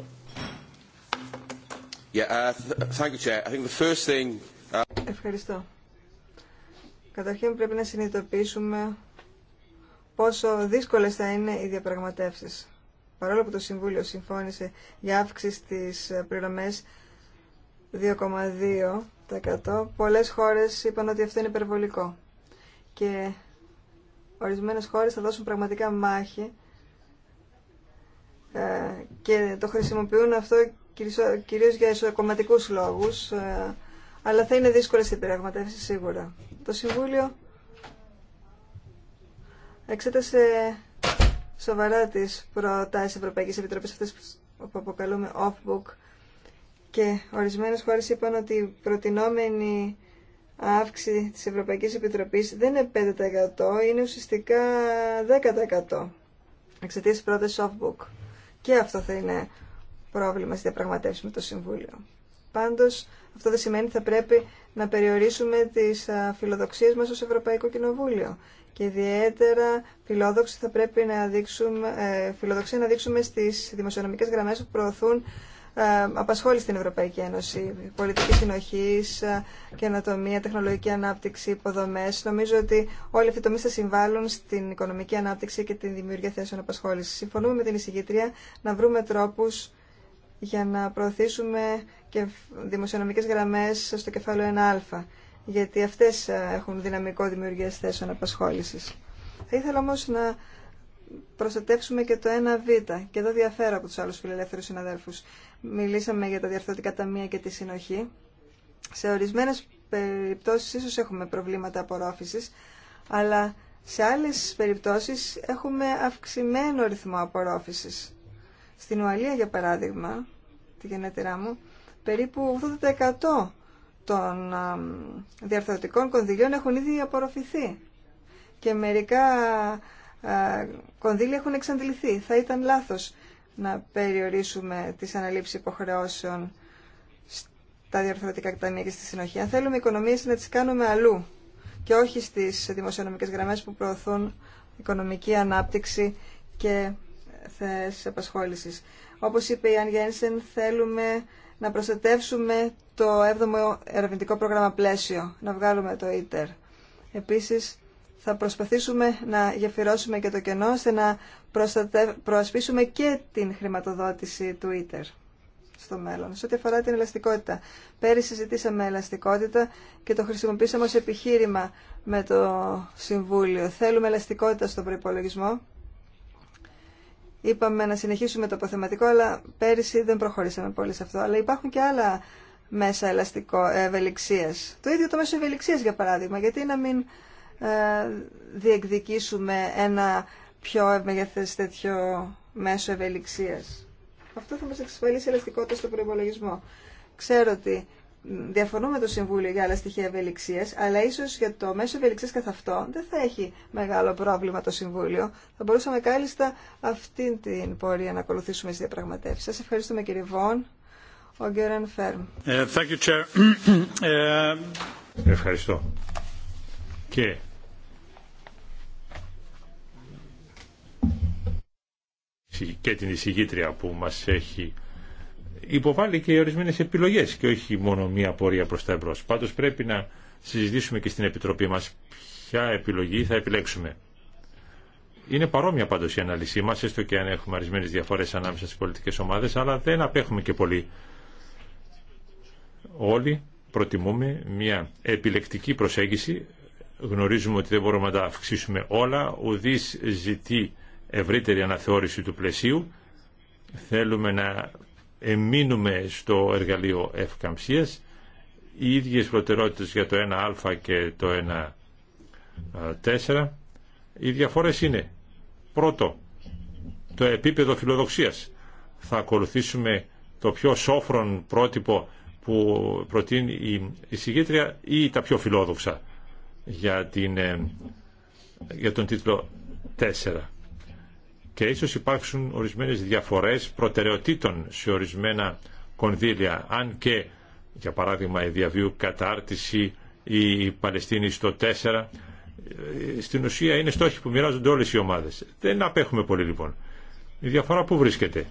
Ευχαριστώ. Καταρχήν πρέπει να συνειδητοποιήσουμε πόσο δύσκολες θα είναι οι διαπραγματεύσεις. Παρόλο που το Συμβούλιο συμφώνησε για αύξηση στις πληρωμές 2,2%, πολλές χώρες είπαν ότι αυτό είναι υπερβολικό. Και Ορισμένες χώρες θα δώσουν πραγματικά μάχη ε, και το χρησιμοποιούν αυτό κυρίως για ισοκομματικούς λόγους, ε, αλλά θα είναι δύσκολες οι πειραγματεύσεις σίγουρα. Το Συμβούλιο εξέτασε σοβαρά τις προτάσεις Ευρωπαϊκής Επιτροπής αυτές που αποκαλούμε off-book και ορισμένες χώρες είπαν ότι η αύξηση της Ευρωπαϊκής Επιτροπής δεν είναι 5%, είναι ουσιαστικά 10% εξαιτίας της πρώτης softbook. Και αυτό θα είναι πρόβλημα στη διαπραγματεύση με το Συμβούλιο. Πάντως, αυτό δεν σημαίνει ότι θα πρέπει να περιορίσουμε τις φιλοδοξίες μας ως Ευρωπαϊκό Κοινοβούλιο. Και ιδιαίτερα να ε, φιλοδοξία να δείξουμε στις δημοσιονομικές γραμμές που προωθούν ε, απασχόληση στην Ευρωπαϊκή Ένωση. Πολιτική συνοχή, ε, καινοτομία, τεχνολογική ανάπτυξη, υποδομέ. Νομίζω ότι όλοι αυτοί οι τομεί θα συμβάλλουν στην οικονομική ανάπτυξη και την δημιουργία θέσεων απασχόληση. Συμφωνούμε με την εισηγήτρια να βρούμε τρόπου για να προωθήσουμε και δημοσιονομικέ γραμμέ στο κεφάλαιο 1α, γιατί αυτέ ε, έχουν δυναμικό δημιουργία θέσεων απασχόληση. Θα ήθελα όμω να προστατεύσουμε και το 1β και εδώ διαφέρω από του άλλου φιλελεύθερου συναδέλφου μιλήσαμε για τα διαρθρωτικά ταμεία και τη συνοχή. Σε ορισμένες περιπτώσεις ίσως έχουμε προβλήματα απορρόφησης, αλλά σε άλλες περιπτώσεις έχουμε αυξημένο ρυθμό απορρόφησης. Στην Ουαλία, για παράδειγμα, τη γενέτειρά μου, περίπου 80% των διαρθρωτικών κονδυλίων έχουν ήδη απορροφηθεί και μερικά κονδύλια έχουν εξαντληθεί. Θα ήταν λάθος να περιορίσουμε τις αναλήψεις υποχρεώσεων στα διορθωτικά ταμεία και στη συνοχή. Αν θέλουμε οικονομίες να τις κάνουμε αλλού και όχι στις δημοσιονομικές γραμμές που προωθούν οικονομική ανάπτυξη και θέσεις απασχόλησης. Όπως είπε η Αν θέλουμε να προστατεύσουμε το 7ο ερευνητικό πρόγραμμα πλαίσιο, να βγάλουμε το ίτερ. Επίσης, θα προσπαθήσουμε να γεφυρώσουμε και το κενό ώστε να προασπίσουμε και την χρηματοδότηση Twitter στο μέλλον. Σε ό,τι αφορά την ελαστικότητα. Πέρυσι ζητήσαμε ελαστικότητα και το χρησιμοποίησαμε ως επιχείρημα με το Συμβούλιο. Θέλουμε ελαστικότητα στον προπολογισμό. Είπαμε να συνεχίσουμε το αποθεματικό, αλλά πέρυσι δεν προχωρήσαμε πολύ σε αυτό. Αλλά υπάρχουν και άλλα μέσα ελαστικό, ε, ευελιξίας. Το ίδιο το μέσο ευελιξίας, για παράδειγμα. Γιατί να μην ε, διεκδικήσουμε ένα πιο ευμεγεθές τέτοιο μέσο ευελιξίας. Αυτό θα μας εξασφαλίσει ελαστικότητα στον προπολογισμό. Ξέρω ότι διαφωνούμε το Συμβούλιο για άλλα στοιχεία ευελιξίας, αλλά ίσως για το μέσο ευελιξίας καθ' αυτό δεν θα έχει μεγάλο πρόβλημα το Συμβούλιο. Θα μπορούσαμε κάλλιστα αυτή την πορεία να ακολουθήσουμε στις διαπραγματεύσεις. Σας ευχαριστούμε κύριε Βόν. Ο Γκέραν Φέρμ. Ε, ε, Ευχαριστώ. Και και την εισηγήτρια που μας έχει υποβάλει και ορισμένες επιλογές και όχι μόνο μία πορεία προς τα εμπρός. Πάντως πρέπει να συζητήσουμε και στην Επιτροπή μας ποια επιλογή θα επιλέξουμε. Είναι παρόμοια πάντω η ανάλυση μα, έστω και αν έχουμε αρισμένε διαφορέ ανάμεσα στι πολιτικέ ομάδε, αλλά δεν απέχουμε και πολύ. Όλοι προτιμούμε μια επιλεκτική προσέγγιση. Γνωρίζουμε ότι δεν μπορούμε να τα αυξήσουμε όλα. Ουδή ζητεί ευρύτερη αναθεώρηση του πλαισίου. Θέλουμε να εμείνουμε στο εργαλείο ευκαμψίας. Οι ίδιες προτεραιότητες για το 1α και το 1.4. Οι διαφορές είναι πρώτο το επίπεδο φιλοδοξίας. Θα ακολουθήσουμε το πιο σόφρον πρότυπο που προτείνει η εισηγήτρια ή τα πιο φιλόδοξα για, την, ε, για τον τίτλο 4 και ίσως υπάρξουν ορισμένες διαφορές προτεραιοτήτων σε ορισμένα κονδύλια, αν και για παράδειγμα η διαβίου κατάρτιση η η Παλαιστίνη στο 4 στην ουσία είναι στόχοι που μοιράζονται όλες οι ομάδες. Δεν απέχουμε πολύ λοιπόν. Η διαφορά που βρίσκεται.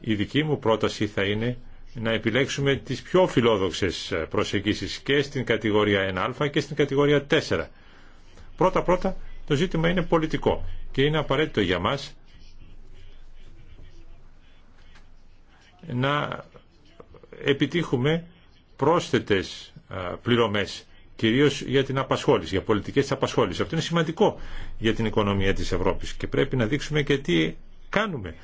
Η δική μου πρόταση θα είναι να επιλέξουμε τις πιο φιλόδοξες προσεγγίσεις και στην κατηγορία 1α και στην κατηγορία 4. Πρώτα-πρώτα το ζήτημα είναι πολιτικό και είναι απαραίτητο για μας να επιτύχουμε πρόσθετες πληρωμές, κυρίως για την απασχόληση, για πολιτικές απασχόληση. Αυτό είναι σημαντικό για την οικονομία της Ευρώπης και πρέπει να δείξουμε και τι κάνουμε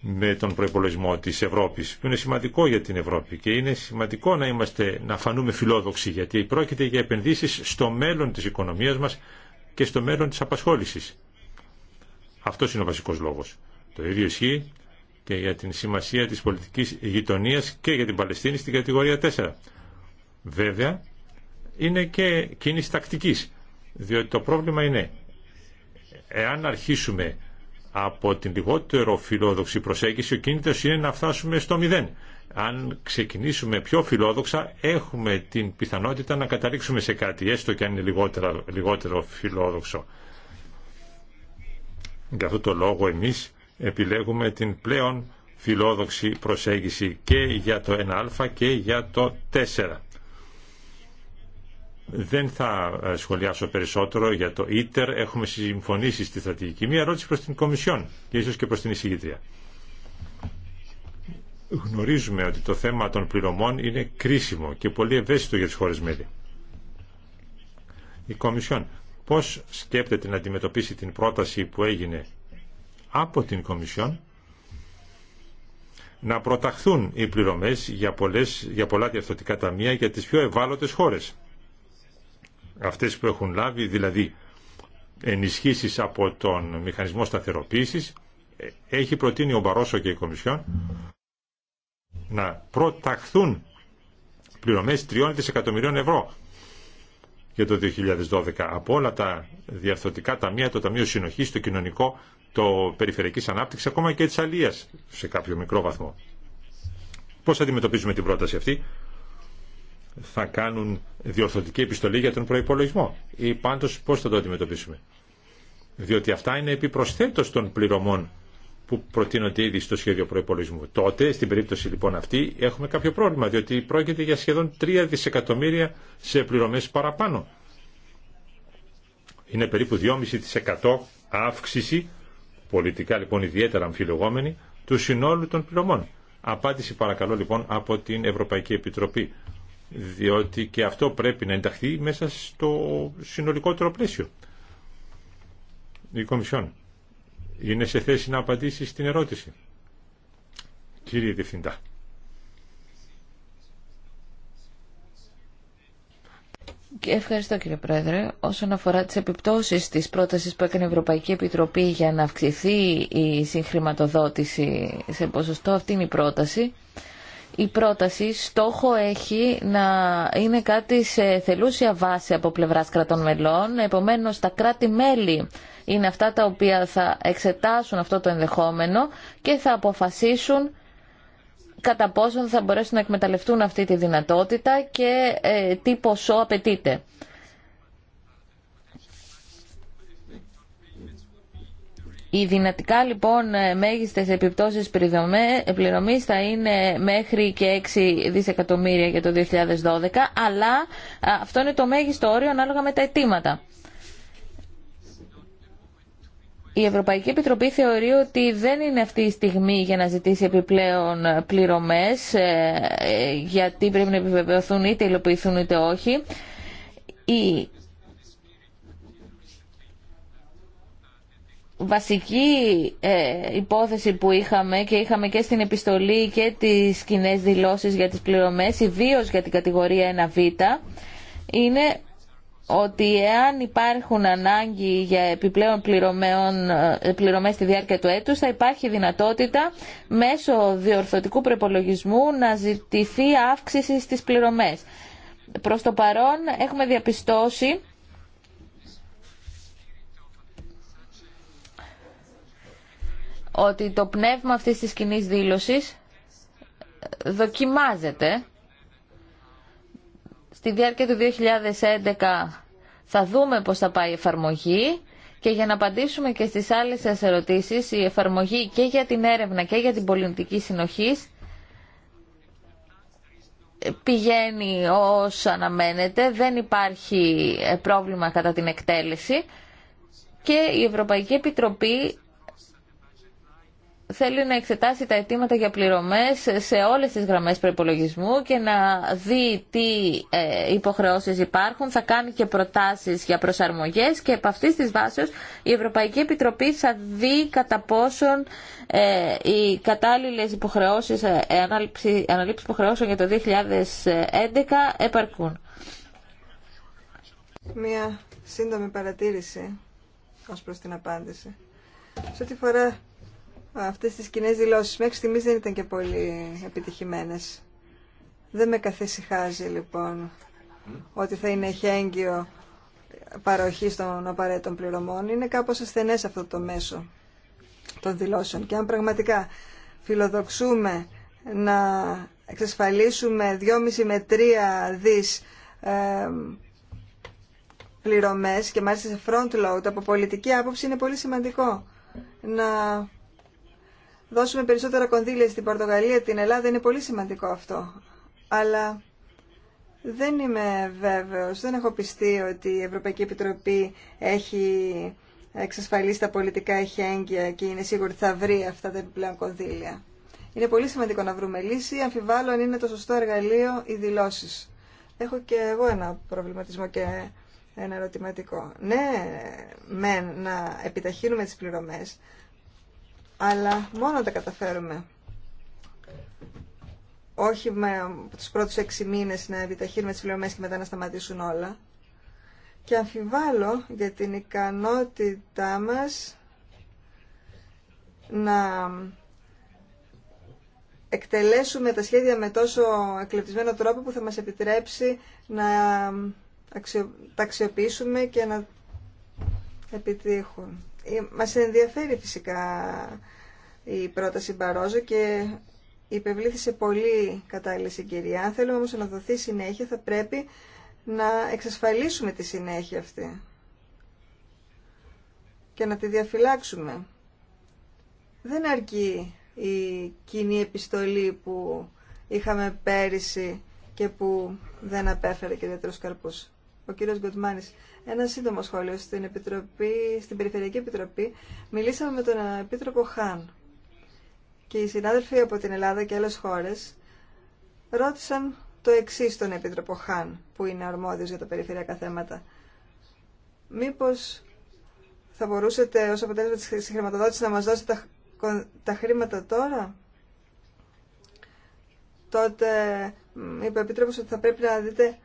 με τον προϋπολογισμό της Ευρώπης, που είναι σημαντικό για την Ευρώπη και είναι σημαντικό να, είμαστε, να φανούμε φιλόδοξοι, γιατί πρόκειται για επενδύσεις στο μέλλον της οικονομίας μας και στο μέλλον της απασχόλησης. Αυτό είναι ο βασικός λόγος. Το ίδιο ισχύει και για την σημασία της πολιτικής γειτονίας και για την Παλαιστίνη στην κατηγορία 4. Βέβαια, είναι και κίνηση τακτικής, διότι το πρόβλημα είναι εάν αρχίσουμε από την λιγότερο φιλόδοξη προσέγγιση, ο κίνητος είναι να φτάσουμε στο μηδέν. Αν ξεκινήσουμε πιο φιλόδοξα, έχουμε την πιθανότητα να καταλήξουμε σε κάτι, έστω και αν είναι λιγότερο, φιλόδοξο. Για αυτό το λόγο εμείς επιλέγουμε την πλέον φιλόδοξη προσέγγιση και για το 1α και για το 4. Δεν θα σχολιάσω περισσότερο για το ίτερ. Έχουμε συμφωνήσει στη στρατηγική. Μία ερώτηση προς την Κομισιόν και ίσως και προς την εισηγήτρια. Γνωρίζουμε ότι το θέμα των πληρωμών είναι κρίσιμο και πολύ ευαίσθητο για τις χώρες μέλη. Η Κομισιόν πώς σκέπτεται να αντιμετωπίσει την πρόταση που έγινε από την Κομισιόν να προταχθούν οι πληρωμές για, πολλές, για πολλά διαφθορτικά ταμεία για τις πιο ευάλωτες χώρες. Αυτές που έχουν λάβει δηλαδή ενισχύσεις από τον μηχανισμό σταθεροποίησης έχει προτείνει ο Μπαρόσο και η Κομισιόν να προταχθούν πληρωμές 3 δισεκατομμυρίων ευρώ για το 2012 από όλα τα διαφθορτικά ταμεία, το Ταμείο Συνοχής, το Κοινωνικό το περιφερειακής ανάπτυξης, ακόμα και της αλίας σε κάποιο μικρό βαθμό. Πώς αντιμετωπίζουμε την πρόταση αυτή. Θα κάνουν διορθωτική επιστολή για τον προϋπολογισμό ή πάντως πώς θα το αντιμετωπίσουμε. Διότι αυτά είναι επιπροσθέτως των πληρωμών που προτείνονται ήδη στο σχέδιο προϋπολογισμού. Τότε, στην περίπτωση λοιπόν αυτή, έχουμε κάποιο πρόβλημα, διότι πρόκειται για σχεδόν 3 δισεκατομμύρια σε πληρωμές παραπάνω. Είναι περίπου 2,5% αύξηση πολιτικά λοιπόν ιδιαίτερα αμφιλεγόμενη, του συνόλου των πληρωμών. Απάντηση παρακαλώ λοιπόν από την Ευρωπαϊκή Επιτροπή, διότι και αυτό πρέπει να ενταχθεί μέσα στο συνολικότερο πλαίσιο. Η Κομισιόν είναι σε θέση να απαντήσει στην ερώτηση. Κύριε Διευθυντά. Ευχαριστώ κύριε Πρόεδρε. Όσον αφορά τις επιπτώσεις της πρότασης που έκανε η Ευρωπαϊκή Επιτροπή για να αυξηθεί η συγχρηματοδότηση σε ποσοστό, αυτή είναι η πρόταση. Η πρόταση στόχο έχει να είναι κάτι σε θελούσια βάση από πλευράς κρατών μελών. Επομένως τα κράτη-μέλη είναι αυτά τα οποία θα εξετάσουν αυτό το ενδεχόμενο και θα αποφασίσουν κατά πόσον θα μπορέσουν να εκμεταλλευτούν αυτή τη δυνατότητα και ε, τι ποσό απαιτείται. Οι δυνατικά λοιπόν ε, μέγιστες επιπτώσεις πληρωμής θα είναι μέχρι και 6 δισεκατομμύρια για το 2012, αλλά ε, αυτό είναι το μέγιστο όριο ανάλογα με τα αιτήματα. η Ευρωπαϊκή Επιτροπή θεωρεί ότι δεν είναι αυτή η στιγμή για να ζητήσει επιπλέον πληρωμές ε, γιατί πρέπει να επιβεβαιωθούν είτε υλοποιηθούν είτε όχι. Η βασική ε, υπόθεση που είχαμε και είχαμε και στην επιστολή και τις κοινέ δηλώσεις για τις πληρωμές, ιδίω για την κατηγορία 1β, είναι ότι εάν υπάρχουν ανάγκη για επιπλέον ε, πληρωμές στη διάρκεια του έτους θα υπάρχει δυνατότητα μέσω διορθωτικού προπολογισμού να ζητηθεί αύξηση στις πληρωμές. Προς το παρόν έχουμε διαπιστώσει ότι το πνεύμα αυτής της κοινή δήλωσης δοκιμάζεται στη διάρκεια του 2011 θα δούμε πώς θα πάει η εφαρμογή και για να απαντήσουμε και στις άλλες σας ερωτήσεις, η εφαρμογή και για την έρευνα και για την πολιτική συνοχή πηγαίνει ως αναμένεται, δεν υπάρχει πρόβλημα κατά την εκτέλεση και η Ευρωπαϊκή Επιτροπή θέλει να εξετάσει τα αιτήματα για πληρωμές σε όλες τις γραμμές προπολογισμού και να δει τι ε, υποχρεώσεις υπάρχουν, θα κάνει και προτάσεις για προσαρμογές και από αυτής της βάσης η Ευρωπαϊκή Επιτροπή θα δει κατά πόσον ε, οι κατάλληλες υποχρεώσεις, ε, αναλήψεις υποχρεώσεων για το 2011 επαρκούν. Μία σύντομη παρατήρηση ως προς την απάντηση. Σε ό,τι φορά αυτές τις κοινέ δηλώσεις. Μέχρι στιγμής δεν ήταν και πολύ επιτυχημένες. Δεν με καθησυχάζει λοιπόν ότι θα είναι χέγγιο παροχή των απαραίτητων πληρωμών. Είναι κάπως ασθενές αυτό το μέσο των δηλώσεων. Και αν πραγματικά φιλοδοξούμε να εξασφαλίσουμε 2,5 με 3 δις ε, πληρωμές και μάλιστα σε front load από πολιτική άποψη είναι πολύ σημαντικό να δώσουμε περισσότερα κονδύλια στην Πορτογαλία, την Ελλάδα, είναι πολύ σημαντικό αυτό. Αλλά δεν είμαι βέβαιος, δεν έχω πιστεί ότι η Ευρωπαϊκή Επιτροπή έχει εξασφαλίσει τα πολιτικά εχέγγυα και είναι σίγουρη ότι θα βρει αυτά τα επιπλέον κονδύλια. Είναι πολύ σημαντικό να βρούμε λύση. Αμφιβάλλω αν είναι το σωστό εργαλείο οι δηλώσει. Έχω και εγώ ένα προβληματισμό και ένα ερωτηματικό. Ναι, με να επιταχύνουμε τις πληρωμές, αλλά μόνο τα καταφέρουμε. Όχι με τους πρώτους έξι μήνες να επιταχύνουμε τις πληρωμές και μετά να σταματήσουν όλα. Και αμφιβάλλω για την ικανότητά μας να εκτελέσουμε τα σχέδια με τόσο εκλεπτισμένο τρόπο που θα μας επιτρέψει να τα αξιοποιήσουμε και να επιτύχουν. Ε, μας ενδιαφέρει φυσικά η πρόταση Μπαρόζο και υπευλήθησε πολύ κατάλληλη συγκυρία. Αν θέλουμε όμως να δοθεί συνέχεια θα πρέπει να εξασφαλίσουμε τη συνέχεια αυτή και να τη διαφυλάξουμε. Δεν αρκεί η κοινή επιστολή που είχαμε πέρυσι και που δεν απέφερε και καρπούς. Ο κύριος Γκοτμάνης ένα σύντομο σχόλιο στην, Επιτροπή, στην Περιφερειακή Επιτροπή. Μιλήσαμε με τον Επίτροπο Χάν και οι συνάδελφοι από την Ελλάδα και άλλες χώρες ρώτησαν το εξή στον Επίτροπο Χάν, που είναι αρμόδιος για τα περιφερειακά θέματα. Μήπως θα μπορούσετε ως αποτέλεσμα της χρηματοδότησης να μας δώσετε τα, τα χρήματα τώρα? Τότε είπε ο Επίτροπος ότι θα πρέπει να δείτε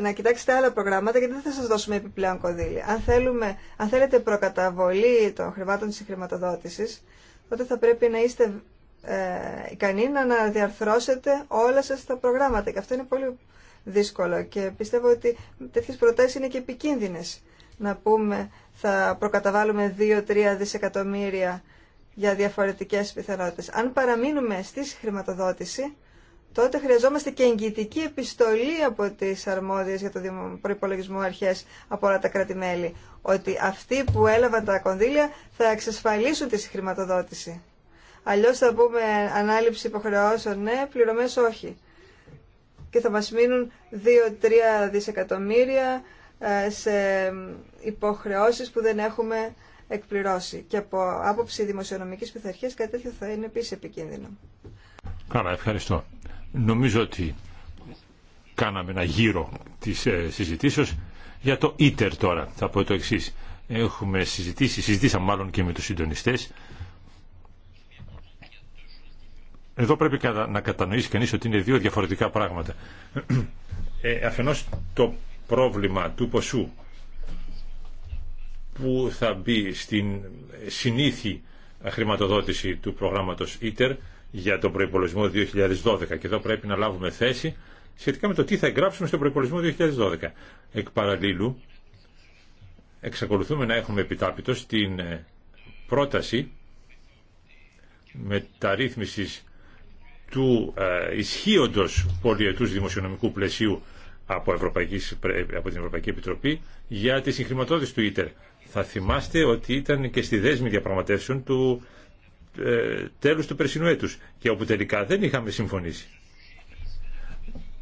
να κοιτάξετε άλλα προγράμματα γιατί δεν θα σας δώσουμε επιπλέον κονδύλια. Αν, θέλουμε, αν θέλετε προκαταβολή των χρημάτων της χρηματοδότησης, τότε θα πρέπει να είστε ε, ικανοί να αναδιαρθρώσετε όλα σας τα προγράμματα. Και αυτό είναι πολύ δύσκολο και πιστεύω ότι τέτοιες προτάσεις είναι και επικίνδυνες. Να πούμε θα προκαταβάλουμε 2-3 δισεκατομμύρια για διαφορετικές πιθανότητες. Αν παραμείνουμε στη χρηματοδότηση, τότε χρειαζόμαστε και εγγυητική επιστολή από τι αρμόδιες για το προπολογισμό αρχέ από όλα τα κράτη-μέλη, ότι αυτοί που έλαβαν τα κονδύλια θα εξασφαλίσουν τη χρηματοδότηση. Αλλιώ θα πούμε ανάληψη υποχρεώσεων ναι, πληρωμέ όχι. Και θα μα μείνουν 2-3 δισεκατομμύρια ε, σε υποχρεώσει που δεν έχουμε εκπληρώσει. Και από άποψη δημοσιονομική πειθαρχία, κάτι τέτοιο θα είναι επίση επικίνδυνο. Καλά, ευχαριστώ. Νομίζω ότι κάναμε ένα γύρο της ε, συζητήσεως. Για το ίτερ τώρα θα πω το εξής. Έχουμε συζητήσει, συζητήσαμε μάλλον και με τους συντονιστές. Εδώ πρέπει να κατανοήσει κανείς ότι είναι δύο διαφορετικά πράγματα. Ε, αφενός το πρόβλημα του ποσού που θα μπει στην συνήθη χρηματοδότηση του προγράμματος ίτερ για τον προπολογισμό 2012 και εδώ πρέπει να λάβουμε θέση σχετικά με το τι θα εγγράψουμε στον προπολογισμό 2012. Εκ παραλλήλου, εξακολουθούμε να έχουμε επιτάπητο την ε, πρόταση μεταρρύθμισης του ε, ισχύοντος πολιετούς δημοσιονομικού πλαισίου από, από την Ευρωπαϊκή Επιτροπή για τη συγχρηματοδότηση του ΙΤΕΡ. Θα θυμάστε ότι ήταν και στη δέσμη διαπραγματεύσεων του ε, τέλος του περσινού έτους και όπου τελικά δεν είχαμε συμφωνήσει.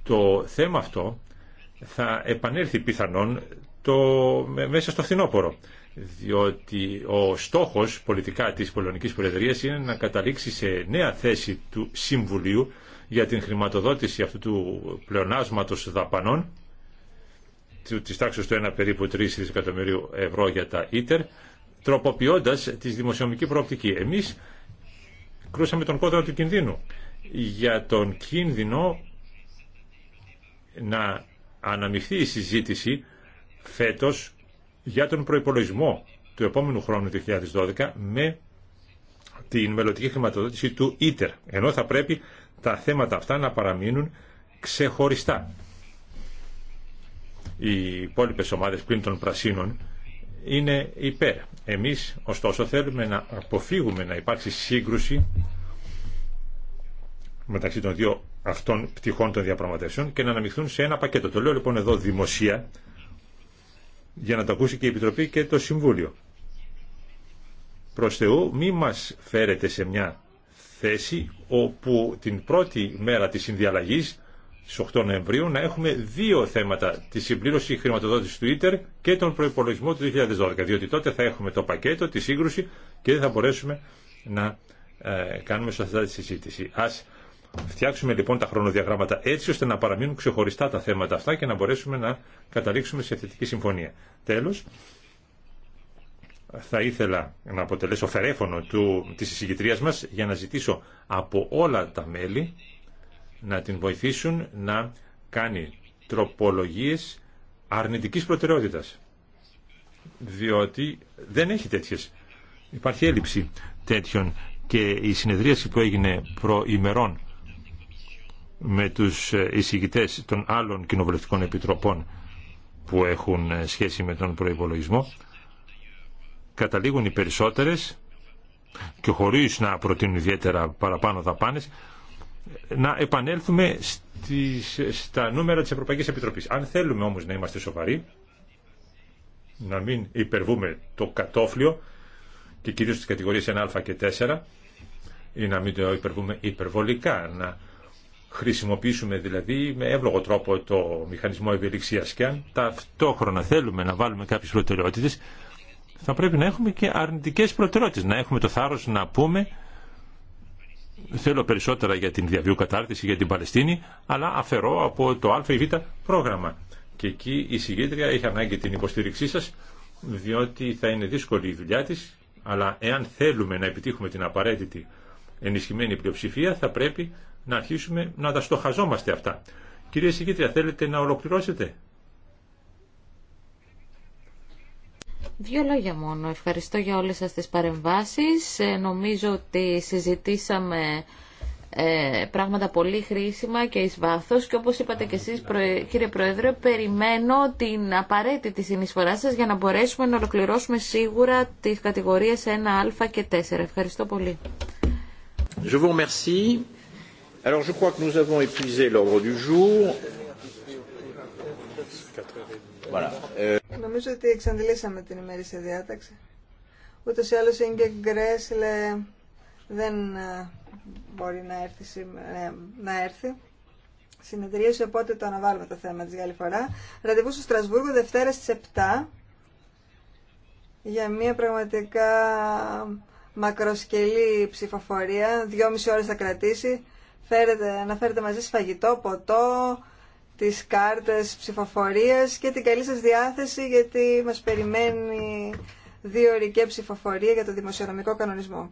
Το θέμα αυτό θα επανέλθει πιθανόν το, μέσα στο φθινόπωρο διότι ο στόχος πολιτικά της Πολωνικής Προεδρίας είναι να καταλήξει σε νέα θέση του Συμβουλίου για την χρηματοδότηση αυτού του πλεονάσματος δαπανών της τάξης του 1 περίπου 3 δισεκατομμυρίου ευρώ για τα ίτερ τροποποιώντας τη δημοσιονομική προοπτική. Εμείς κρούσαμε τον κόδωνα του κινδύνου. Για τον κίνδυνο να αναμειχθεί η συζήτηση φέτος για τον προϋπολογισμό του επόμενου χρόνου 2012 με την μελλοντική χρηματοδότηση του ΙΤΕΡ, ενώ θα πρέπει τα θέματα αυτά να παραμείνουν ξεχωριστά. Οι υπόλοιπε ομάδες πλήν των πρασίνων είναι υπέρ. Εμείς ωστόσο θέλουμε να αποφύγουμε να υπάρξει σύγκρουση μεταξύ των δύο αυτών πτυχών των διαπραγματεύσεων και να αναμειχθούν σε ένα πακέτο. Το λέω λοιπόν εδώ δημοσία για να το ακούσει και η Επιτροπή και το Συμβούλιο. Προς Θεού μη μας φέρετε σε μια θέση όπου την πρώτη μέρα της συνδιαλλαγής στις 8 Νοεμβρίου να έχουμε δύο θέματα, τη συμπλήρωση χρηματοδότηση του Ίτερ και τον προπολογισμό του 2012, διότι τότε θα έχουμε το πακέτο, τη σύγκρουση και δεν θα μπορέσουμε να ε, κάνουμε σωστά τη συζήτηση. Ας φτιάξουμε λοιπόν τα χρονοδιαγράμματα έτσι ώστε να παραμείνουν ξεχωριστά τα θέματα αυτά και να μπορέσουμε να καταλήξουμε σε θετική συμφωνία. Τέλος, θα ήθελα να αποτελέσω φερέφωνο του, της εισηγητρίας μας για να ζητήσω από όλα τα μέλη να την βοηθήσουν να κάνει τροπολογίες αρνητικής προτεραιότητας. Διότι δεν έχει τέτοιες. Υπάρχει έλλειψη τέτοιων και η συνεδρίαση που έγινε προημερών με τους εισηγητές των άλλων κοινοβουλευτικών επιτροπών που έχουν σχέση με τον προϋπολογισμό καταλήγουν οι περισσότερες και χωρίς να προτείνουν ιδιαίτερα παραπάνω δαπάνες να επανέλθουμε στις, στα νούμερα της Ευρωπαϊκής Επιτροπής. Αν θέλουμε όμως να είμαστε σοβαροί, να μην υπερβούμε το κατόφλιο και κυρίως στις κατηγορίες 1α και 4 ή να μην το υπερβούμε υπερβολικά, να χρησιμοποιήσουμε δηλαδή με εύλογο τρόπο το μηχανισμό ευελιξίας και αν ταυτόχρονα θέλουμε να βάλουμε κάποιες προτεραιότητες θα πρέπει να έχουμε και αρνητικές προτεραιότητες, να έχουμε το θάρρος να πούμε θέλω περισσότερα για την διαβίου κατάρτιση για την Παλαιστίνη, αλλά αφαιρώ από το ΑΒ ανάγκη την υποστήριξή σας, διότι θα είναι δύσκολη η συγκέντρια αλλά εάν θέλουμε να επιτύχουμε την απαραίτητη ενισχυμένη πλειοψηφία, θα πρέπει να αρχίσουμε να τα στοχαζόμαστε αυτά. Κυρία Συγκήτρια, θέλετε να ολοκληρώσετε. Δύο λόγια μόνο. Ευχαριστώ για όλες σας τις παρεμβάσεις. Ε, νομίζω ότι συζητήσαμε ε, πράγματα πολύ χρήσιμα και εις βάθος και όπως είπατε και εσείς κύριε Πρόεδρε περιμένω την απαραίτητη συνεισφορά σας για να μπορέσουμε να ολοκληρώσουμε σίγουρα τις κατηγορίες 1α και 4. Ευχαριστώ πολύ. Je vous remercie. Alors je crois que nous avons épuisé l'ordre du jour. Νομίζω ότι εξαντλήσαμε την ημερήσια διάταξη. Ούτε ή άλλο είναι και γκρέσλε δεν ε, μπορεί να έρθει, σήμερα, ε, να έρθει. οπότε το αναβάλουμε το θέμα της για άλλη φορά. Ραντεβού στο Στρασβούργο, Δευτέρα στις 7 για μια πραγματικά μακροσκελή ψηφοφορία. Δυόμιση ώρες θα κρατήσει. Φέρετε, να φέρετε μαζί σας ποτό, τις κάρτες ψηφοφορίας και την καλή σας διάθεση γιατί μας περιμένει δύο ψηφοφορία για το δημοσιονομικό κανονισμό.